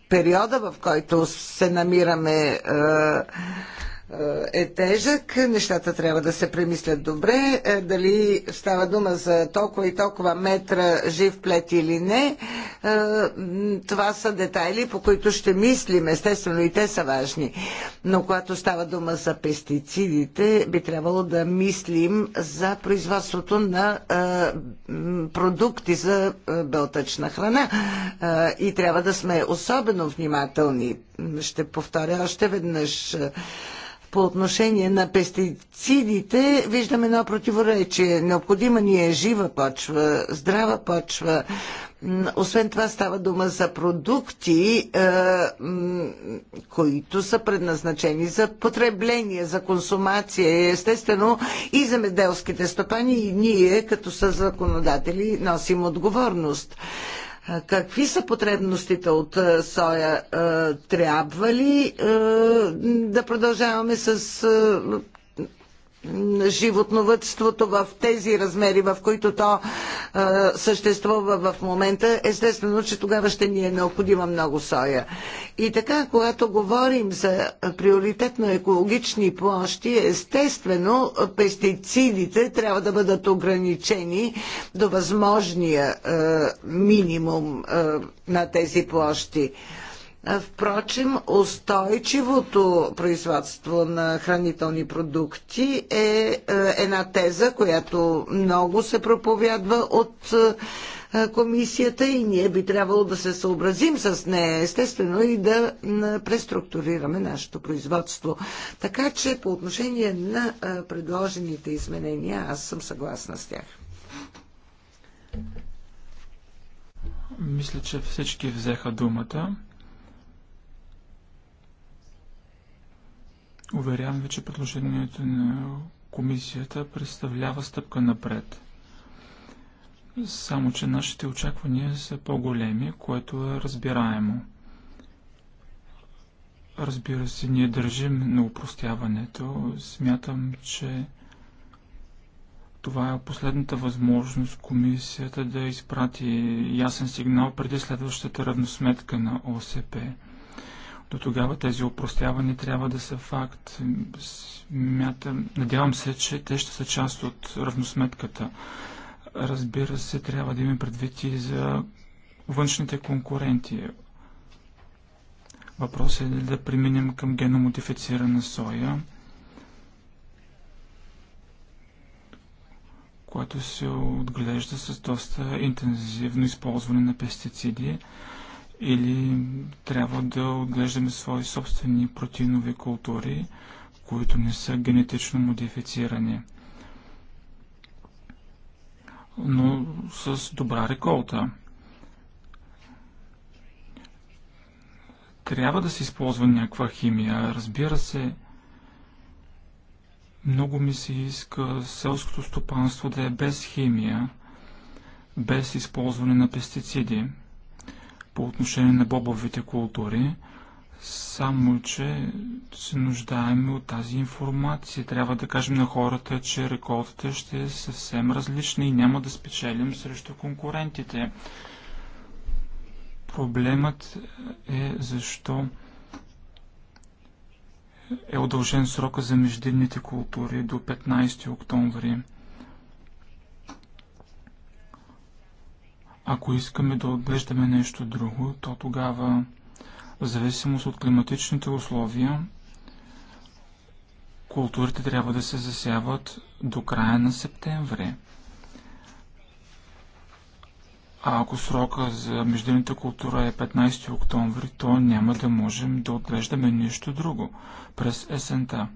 периода, в който се намираме е тежък, нещата трябва да се премислят добре, е, дали става дума за толкова и толкова метра жив плет или не. Е, това са детайли, по които ще мислим, естествено и те са важни. Но когато става дума за пестицидите, би трябвало да мислим за производството на е, продукти за белтъчна храна. И трябва да сме особено внимателни. Ще повторя още веднъж по отношение на пестицидите виждаме едно противоречие. Необходима ни е жива почва, здрава почва. Освен това става дума за продукти, е, които са предназначени за потребление, за консумация. Естествено и за земеделските стопани и ние като са законодатели носим отговорност. Какви са потребностите от соя? Трябва ли да продължаваме с животновътството в тези размери, в които то а, съществува в момента, естествено, че тогава ще ни е необходима много соя. И така, когато говорим за приоритетно екологични площи, естествено, пестицидите трябва да бъдат ограничени до възможния а, минимум а, на тези площи. Впрочем, устойчивото производство на хранителни продукти е, е една теза, която много се проповядва от е, е, комисията и ние би трябвало да се съобразим с нея, естествено, и да преструктурираме нашето производство. Така че по отношение на предложените изменения, аз съм съгласна с тях. Мисля, че всички взеха думата. Уверявам ви, че предложението на комисията представлява стъпка напред. Само, че нашите очаквания са по-големи, което е разбираемо. Разбира се, ние държим на упростяването. Смятам, че това е последната възможност комисията да изпрати ясен сигнал преди следващата равносметка на ОСП. До тогава тези упростявания трябва да са факт. Мятам, надявам се, че те ще са част от равносметката. Разбира се, трябва да имаме предвид и за външните конкуренти. Въпросът е да преминем към геномодифицирана соя, която се отглежда с доста интензивно използване на пестициди или трябва да отглеждаме свои собствени протеинови култури, които не са генетично модифицирани, но с добра реколта. Трябва да се използва някаква химия. Разбира се, много ми се иска селското стопанство да е без химия, без използване на пестициди по отношение на бобовите култури, само че се нуждаем от тази информация. Трябва да кажем на хората, че реколтата ще е съвсем различна и няма да спечелим срещу конкурентите. Проблемът е защо е удължен срока за междинните култури до 15 октомври. Ако искаме да отглеждаме нещо друго, то тогава, в зависимост от климатичните условия, културите трябва да се засяват до края на септември. А ако срока за междинната култура е 15 октомври, то няма да можем да отглеждаме нищо друго през есента.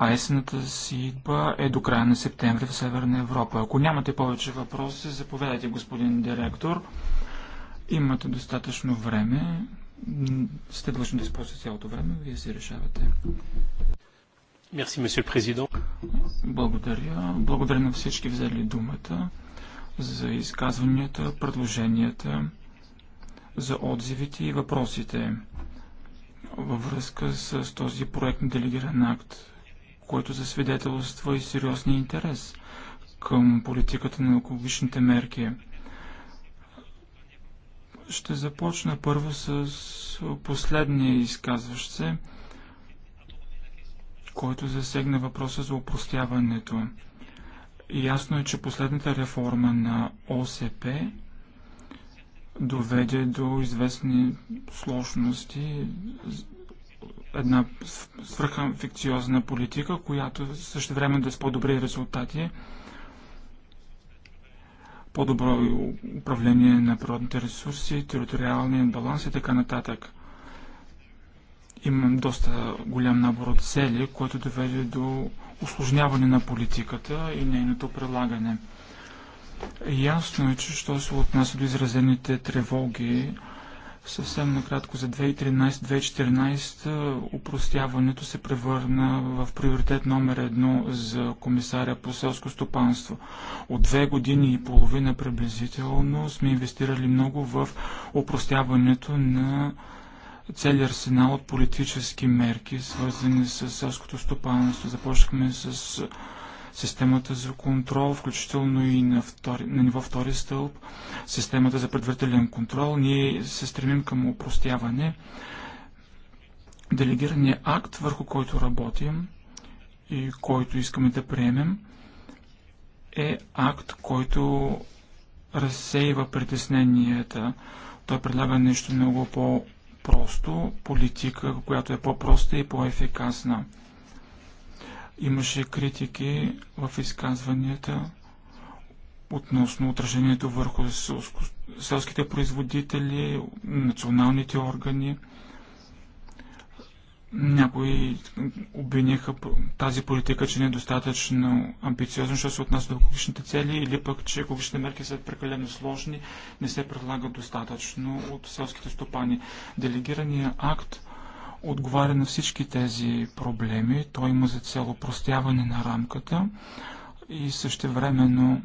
а есената си идва е до края на септември в Северна Европа. Ако нямате повече въпроси, заповядайте, господин директор. Имате достатъчно време. Сте длъжни да използвате цялото време. Вие си решавате. Мерси, месье президент. Благодаря. Благодаря на всички взели думата за изказванията, предложенията, за отзивите и въпросите във връзка с този проект на делегиран акт което засвидетелства и сериозния интерес към политиката на екологичните мерки. Ще започна първо с последния изказващ се, който засегна въпроса за упростяването. Ясно е, че последната реформа на ОСП доведе до известни сложности една свръхамфекциозна политика, която също време да е с по-добри резултати, по-добро управление на природните ресурси, териториалния баланс и така нататък. Имам доста голям набор от цели, което доведе до осложняване на политиката и нейното прилагане. Ясно е, че що се отнася до изразените тревоги, Съвсем накратко за 2013-2014 е, упростяването се превърна в приоритет номер едно за комисаря по селско стопанство. От две години и половина приблизително сме инвестирали много в упростяването на цели арсенал от политически мерки, свързани с селското стопанство. Започнахме с системата за контрол, включително и на, втори, на ниво втори стълб, системата за предварителен контрол. Ние се стремим към упростяване. Делегирания акт, върху който работим и който искаме да приемем, е акт, който разсеива притесненията. Той предлага нещо много по-просто, политика, която е по-проста и по-ефикасна. Имаше критики в изказванията относно отражението върху селските производители, националните органи. Някои обвиниха тази политика, че не е достатъчно амбициозна, що се отнася до екологичните цели, или пък, че екологичните мерки са прекалено сложни, не се предлагат достатъчно от селските стопани. Делегирания акт отговаря на всички тези проблеми. Той има за цел упростяване на рамката и същевременно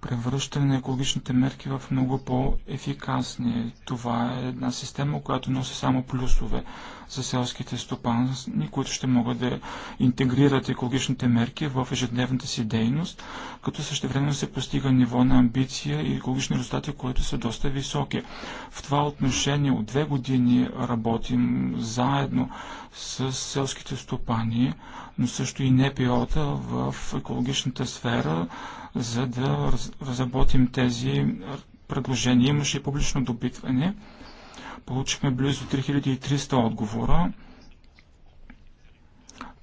превръщане на екологичните мерки в много по-ефикасни. Това е една система, която носи само плюсове за селските стопани, които ще могат да интегрират екологичните мерки в ежедневната си дейност, като същевременно се постига ниво на амбиция и екологични резултати, които са доста високи. В това отношение от две години работим заедно с селските стопани, но също и НПО-та в екологичната сфера, за да разработим тези предложения. Имаше и публично допитване Получихме близо 3300 отговора.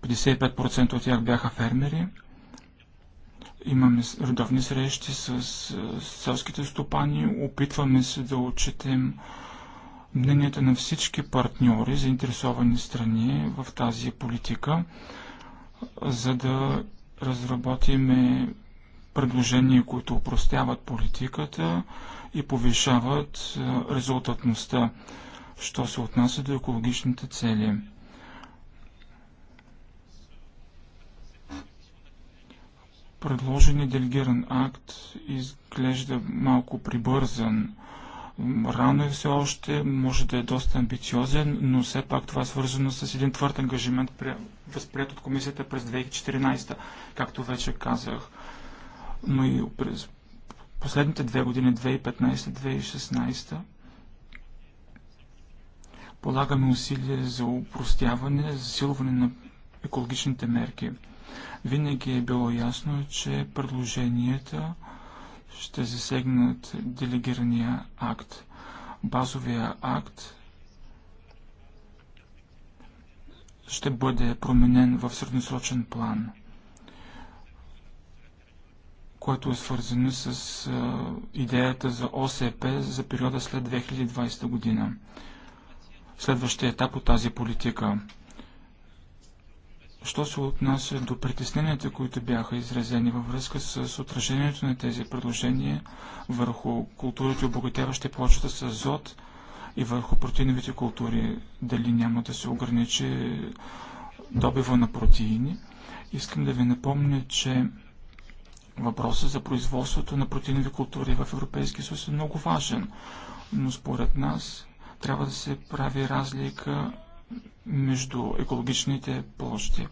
55% от тях бяха фермери. Имаме редовни срещи с селските стопани. Опитваме се да отчетем мненията на всички партньори, заинтересовани страни в тази политика, за да разработиме предложения, които упростяват политиката, и повишават е, резултатността, що се отнася до екологичните цели. Предложен делегиран акт изглежда малко прибързан. Рано е все още, може да е доста амбициозен, но все пак това е свързано с един твърд ангажимент, възприят от комисията през 2014, както вече казах. Но и през последните две години, 2015-2016, полагаме усилия за упростяване, засилване на екологичните мерки. Винаги е било ясно, че предложенията ще засегнат делегирания акт. Базовия акт ще бъде променен в средносрочен план – което е свързано с идеята за ОСП за периода след 2020 година. Следващия етап от тази политика. Що се отнася до притесненията, които бяха изразени във връзка с отражението на тези предложения върху културите, обогатяващи почвата с азот и върху протеиновите култури, дали няма да се ограничи добива на протеини, искам да ви напомня, че Въпросът за производството на протеинови култури в Европейския съюз е много важен, но според нас трябва да се прави разлика между екологичните площи.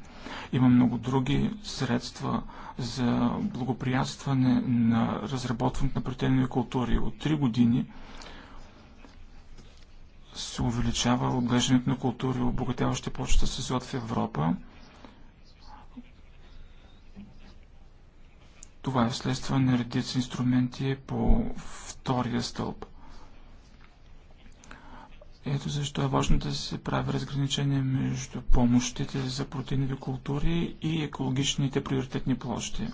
Има много други средства за благоприятстване на разработването на протеинови култури. От 3 години се увеличава отглеждането на култури, обогатяващи почта с йод в Европа. Това е вследствие на редица инструменти по втория стълб. Ето защо е важно да се прави разграничение между помощите за протеинови култури и екологичните приоритетни площи,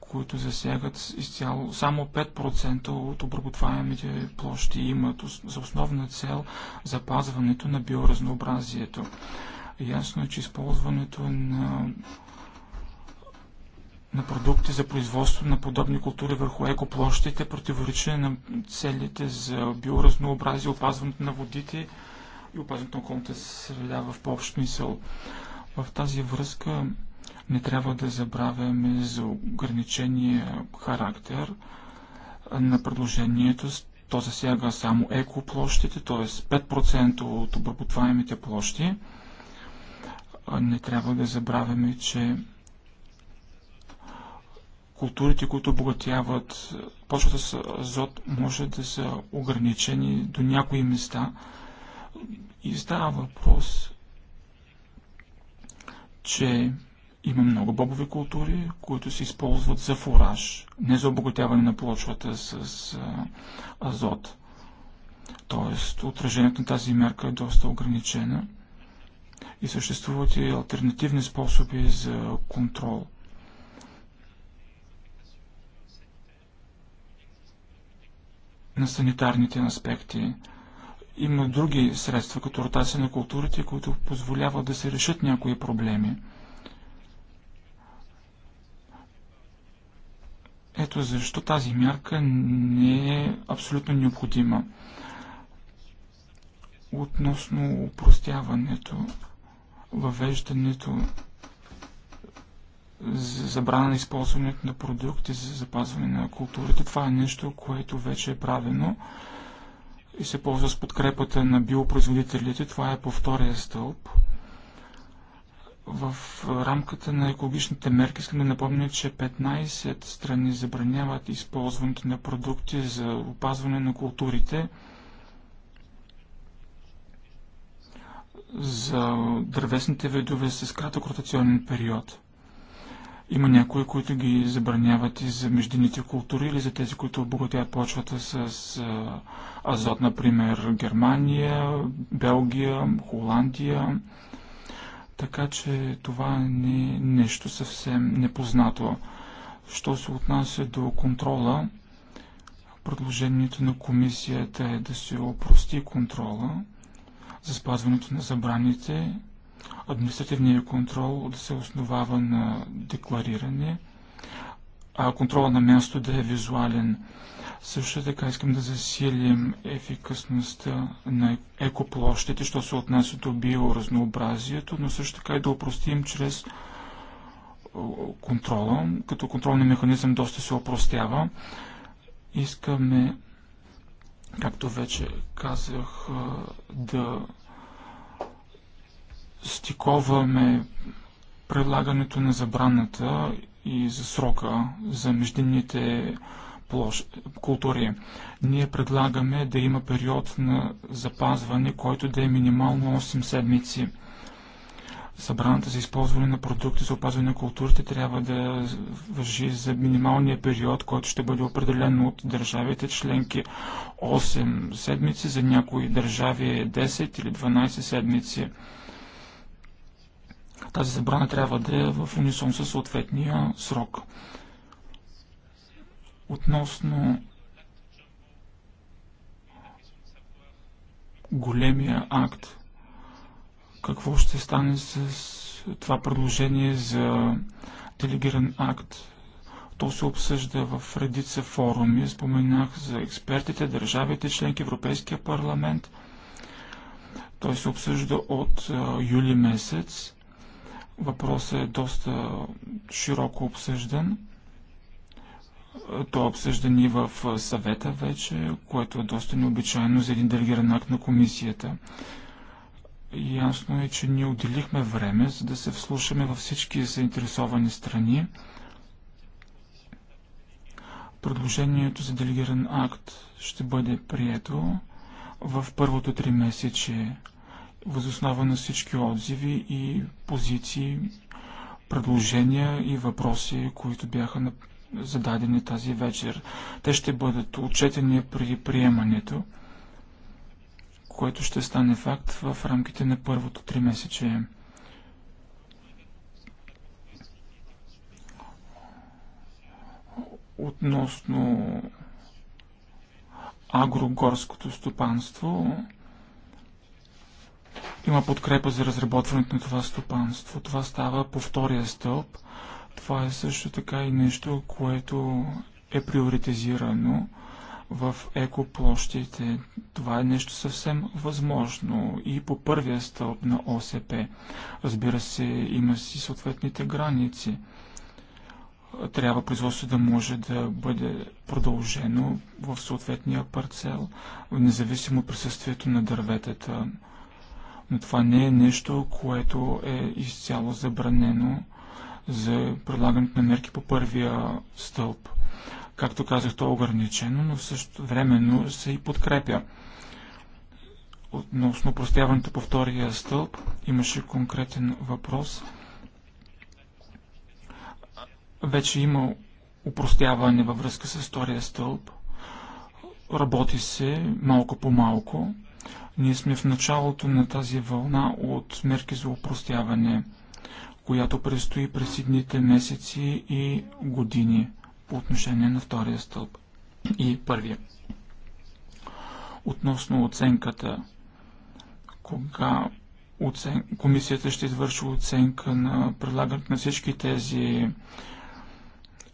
които засягат изцяло само 5% от обработваемите площи и имат за основна цел запазването на биоразнообразието. Ясно е, че използването на на продукти за производство на подобни култури върху екоплощите, противоречие на целите за биоразнообразие, опазването на водите и опазването на околната среда в по-общ смисъл. В тази връзка не трябва да забравяме за ограничения характер на предложението. То засяга само екоплощите, т.е. 5% от обработваемите площи. Не трябва да забравяме, че културите, които обогатяват почвата с азот, може да са ограничени до някои места. И става въпрос, че има много бобови култури, които се използват за фураж, не за обогатяване на почвата с азот. Тоест, отражението на тази мерка е доста ограничено и съществуват и альтернативни способи за контрол – на санитарните аспекти. Има други средства, като ротация на културите, които позволяват да се решат някои проблеми. Ето защо тази мярка не е абсолютно необходима. Относно упростяването, въвеждането за забрана на използването на продукти за запазване на културите. Това е нещо, което вече е правено и се ползва с подкрепата на биопроизводителите. Това е по втория стълб. В рамката на екологичните мерки искам да напомня, че 15 страни забраняват използването на продукти за опазване на културите. за дървесните видове с кратък ротационен период. Има някои, които ги забраняват и за междините култури или за тези, които обогатяват почвата с азот, например Германия, Белгия, Холандия. Така че това не е нещо съвсем непознато. Що се отнася до контрола, предложението на комисията е да се опрости контрола за спазването на забраните Административният контрол да се основава на деклариране, а контрола на място да е визуален. Също така искам да засилим ефикасността на екоплощите, що се отнася до биоразнообразието, но също така и да упростим чрез контрола. Като контролния механизъм доста се упростява. Искаме, както вече казах, да стиковаме предлагането на забраната и за срока за междинните площ... култури. Ние предлагаме да има период на запазване, който да е минимално 8 седмици. Събраната за използване на продукти за опазване на културите трябва да въжи за минималния период, който ще бъде определен от държавите членки 8 седмици, за някои държави 10 е или 12 седмици. Тази забрана трябва да е в унисон със съответния срок. Относно големия акт, какво ще стане с това предложение за делегиран акт. То се обсъжда в редица форуми. Споменах за експертите, държавите, членки, Европейския парламент. Той се обсъжда от юли месец. Въпросът е доста широко обсъждан. Той е обсъждан и в съвета вече, което е доста необичайно за един делегиран акт на комисията. Ясно е, че ние отделихме време, за да се вслушаме във всички заинтересовани страни. Предложението за делегиран акт ще бъде прието в първото три месече възоснова на всички отзиви и позиции, предложения и въпроси, които бяха зададени тази вечер. Те ще бъдат отчетени при приемането, което ще стане факт в рамките на първото три месече. Относно агрогорското стопанство, има подкрепа за разработването на това стопанство. Това става по втория стълб. Това е също така и нещо, което е приоритизирано в екоплощите. Това е нещо съвсем възможно и по първия стълб на ОСП. Разбира се, има си съответните граници. Трябва производството да може да бъде продължено в съответния парцел, независимо от присъствието на дърветата. Но това не е нещо, което е изцяло забранено за предлагането на мерки по първия стълб. Както казах, то е ограничено, но също времено се и подкрепя. Относно простяването по втория стълб, имаше конкретен въпрос. Вече има упростяване във връзка с втория стълб. Работи се малко по малко. Ние сме в началото на тази вълна от мерки за упростяване, която предстои през едните месеци и години по отношение на втория стълб и първия. Относно оценката, кога оцен... комисията ще извърши оценка на предлагането на всички тези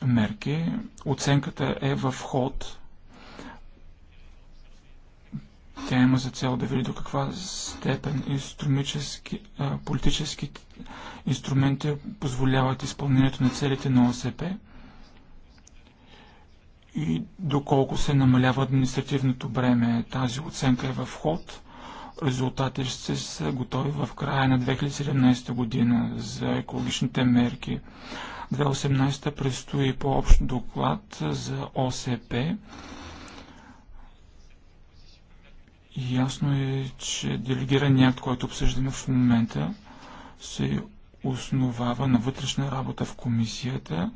мерки, оценката е в ход тя има за цел да види до каква степен политически инструменти позволяват изпълнението на целите на ОСП и доколко се намалява административното бреме. Тази оценка е в ход. Резултатите ще са готови в края на 2017 година за екологичните мерки. 2018 предстои по-общ доклад за ОСП ясно е, че делегираният акт, който обсъждаме в момента, се основава на вътрешна работа в комисията,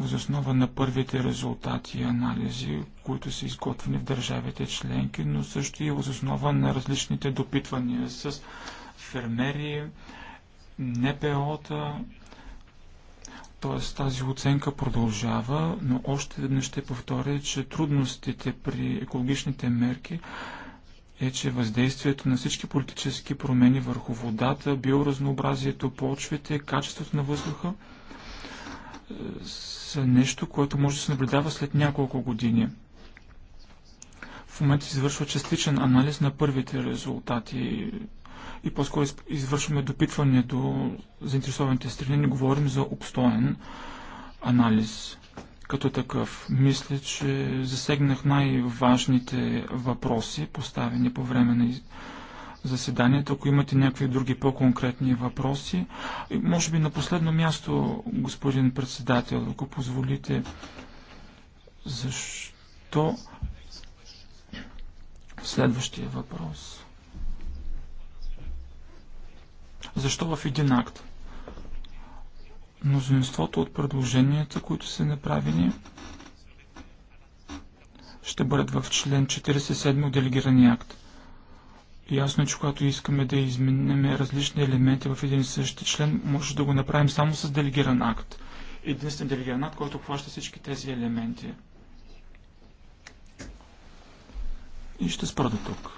възоснова на първите резултати и анализи, които са изготвени в държавите членки, но също и възоснова на различните допитвания с фермери, НПО-та. Т.е. тази оценка продължава, но още веднъж ще повторя, че трудностите при екологичните мерки е, че въздействието на всички политически промени върху водата, биоразнообразието, почвите, качеството на въздуха е, са нещо, което може да се наблюдава след няколко години. В момента се извършва частичен анализ на първите резултати и по-скоро извършваме допитване до заинтересованите страни. Не говорим за обстоен анализ като такъв. Мисля, че засегнах най-важните въпроси, поставени по време на заседанието. Ако имате някакви други по-конкретни въпроси, може би на последно място, господин председател, ако позволите, защо следващия въпрос? Защо в един акт? Мнозинството от предложенията, които са направени, ще бъдат в член 47 от делегирания акт. Ясно е, че когато искаме да изменим различни елементи в един и същи член, може да го направим само с делегиран акт. Единствен делегиран акт, който хваща всички тези елементи. И ще спра до тук.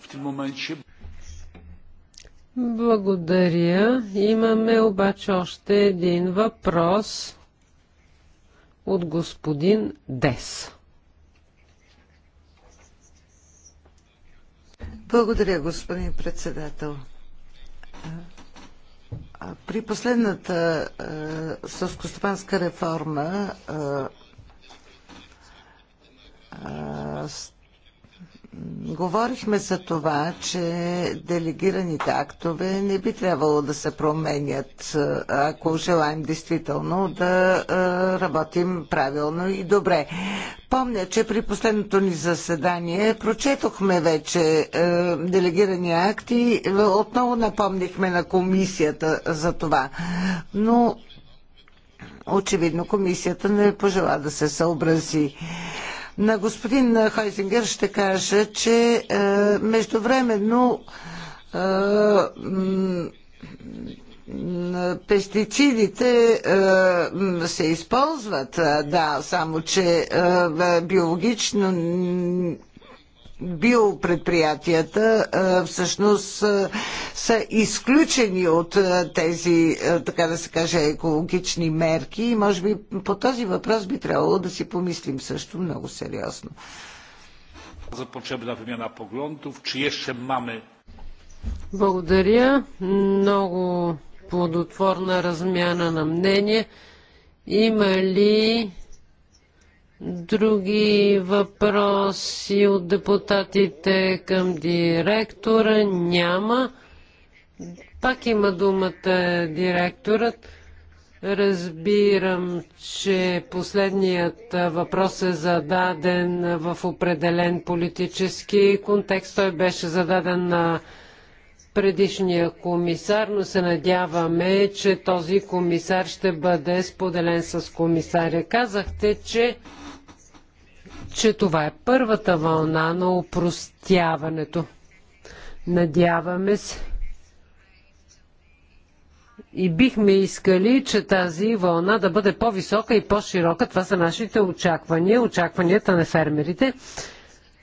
в този момент, че... Благодаря. Имаме обаче още един въпрос от господин Дес. Благодаря, господин председател. При последната е, реформа е, е, говорихме за това, че делегираните актове не би трябвало да се променят, ако желаем действително да работим правилно и добре. Помня, че при последното ни заседание прочетохме вече делегирани акти, отново напомнихме на комисията за това. Но очевидно комисията не пожела да се съобрази. На господин Хойзингер ще кажа, че е, междувременно е, пестицидите е, се използват, е, да, само че е, биологично биопредприятията всъщност са изключени от тези, така да се каже, екологични мерки и може би по този въпрос би трябвало да си помислим също много сериозно. За Благодаря. Много плодотворна размяна на мнение. Има ли Други въпроси от депутатите към директора няма. Пак има думата директорът. Разбирам, че последният въпрос е зададен в определен политически контекст. Той беше зададен на предишния комисар, но се надяваме, че този комисар ще бъде споделен с комисаря. Казахте, че че това е първата вълна на упростяването. Надяваме се и бихме искали, че тази вълна да бъде по-висока и по-широка. Това са нашите очаквания, очакванията на фермерите.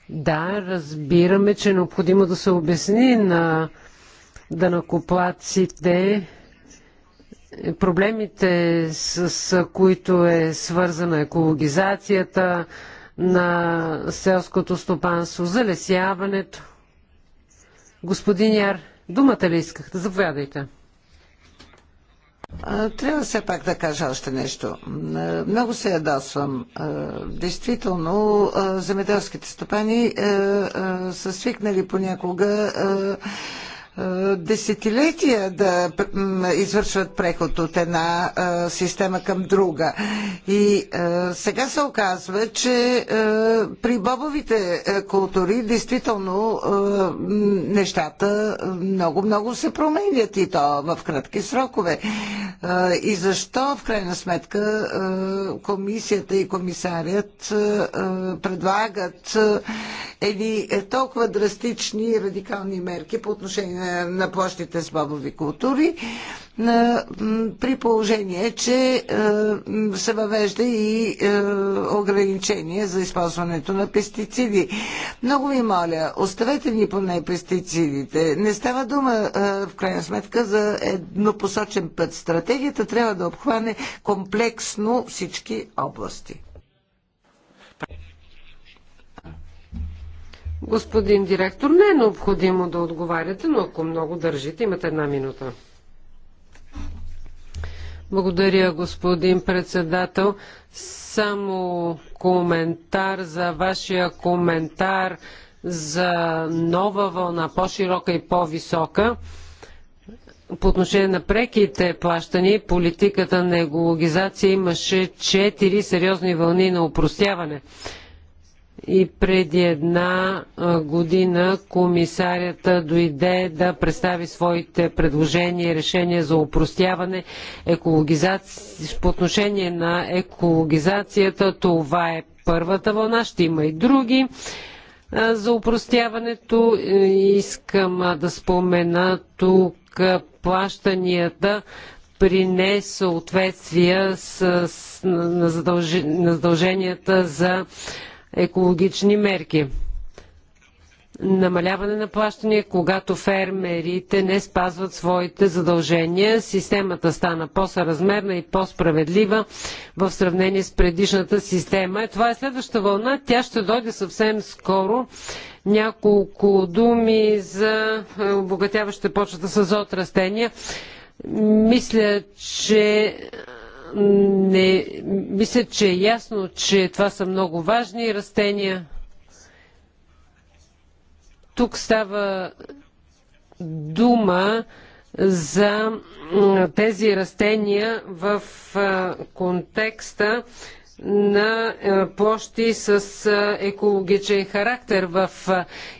Да, разбираме, че е необходимо да се обясни на данакоплаците проблемите, с които е свързана екологизацията, на селското стопанство, залесяването. Господин Яр, думата ли искахте? Заповядайте. Трябва все пак да кажа още нещо. Много се ядосвам. Действително, земеделските стопани са свикнали понякога е, десетилетия да извършват преход от една е, система към друга. И е, сега се оказва, че при бобовите култури действително нещата много-много се променят и то в кратки срокове. И защо в крайна сметка комисията и комисарият предлагат едни толкова драстични и радикални мерки по отношение е, на площите с бобови култури, е, при положение, че е, се въвежда и ограничение за използването на пестициди. Много ви моля, оставете ни поне пестицидите. Не става дума в крайна сметка за еднопосочен път. Стратегията трябва да обхване комплексно всички области. Господин директор, не е необходимо да отговаряте, но ако много държите, имате една минута. Благодаря, господин председател. Само коментар за вашия коментар за нова вълна, по-широка и по-висока. По отношение на преките плащания, политиката на екологизация имаше четири сериозни вълни на упростяване. И преди една година комисарята дойде да представи своите предложения и решения за упростяване по отношение на екологизацията. Това е първата вълна, ще има и други. За упростяването искам да спомена тук плащанията при несъответствия с, на, задълж... на задълженията за екологични мерки. Намаляване на плащания, когато фермерите не спазват своите задължения. Системата стана по-съразмерна и по-справедлива в сравнение с предишната система. Е, това е следваща вълна. Тя ще дойде съвсем скоро. Няколко думи за е, обогатяващите почвата с азот растения. Мисля, че не, мисля, че е ясно, че това са много важни растения. Тук става дума за тези растения в контекста на площи с екологичен характер в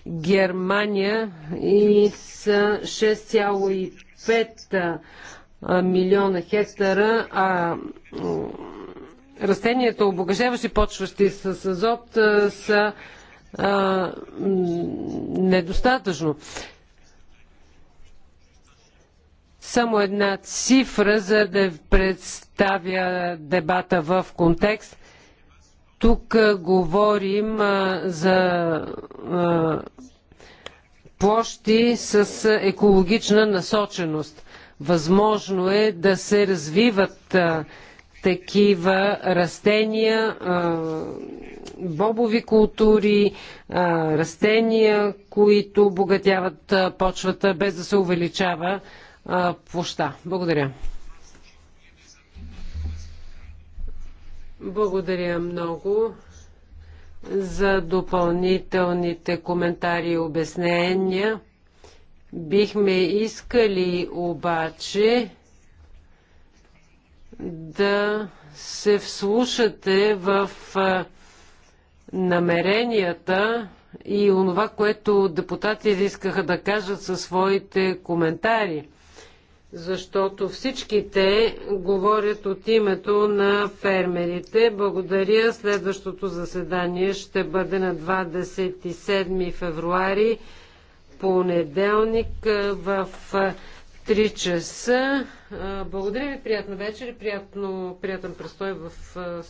Германия и с 6,5 милиона хектара, а растенията, обогажеващи почващи с азот, са а, недостатъчно. Само една цифра, за да представя дебата в контекст. Тук говорим а, за а, площи с екологична насоченост. Възможно е да се развиват а, такива растения, а, бобови култури, а, растения, които обогатяват почвата, без да се увеличава площа. Благодаря. Благодаря много за допълнителните коментари и обяснения. Бихме искали обаче да се вслушате в намеренията и онова, което депутатите искаха да кажат със своите коментари. Защото всички те говорят от името на фермерите. Благодаря. Следващото заседание ще бъде на 27 февруари понеделник в 3 часа. Благодаря ви, приятна вечер и приятно, приятен престой в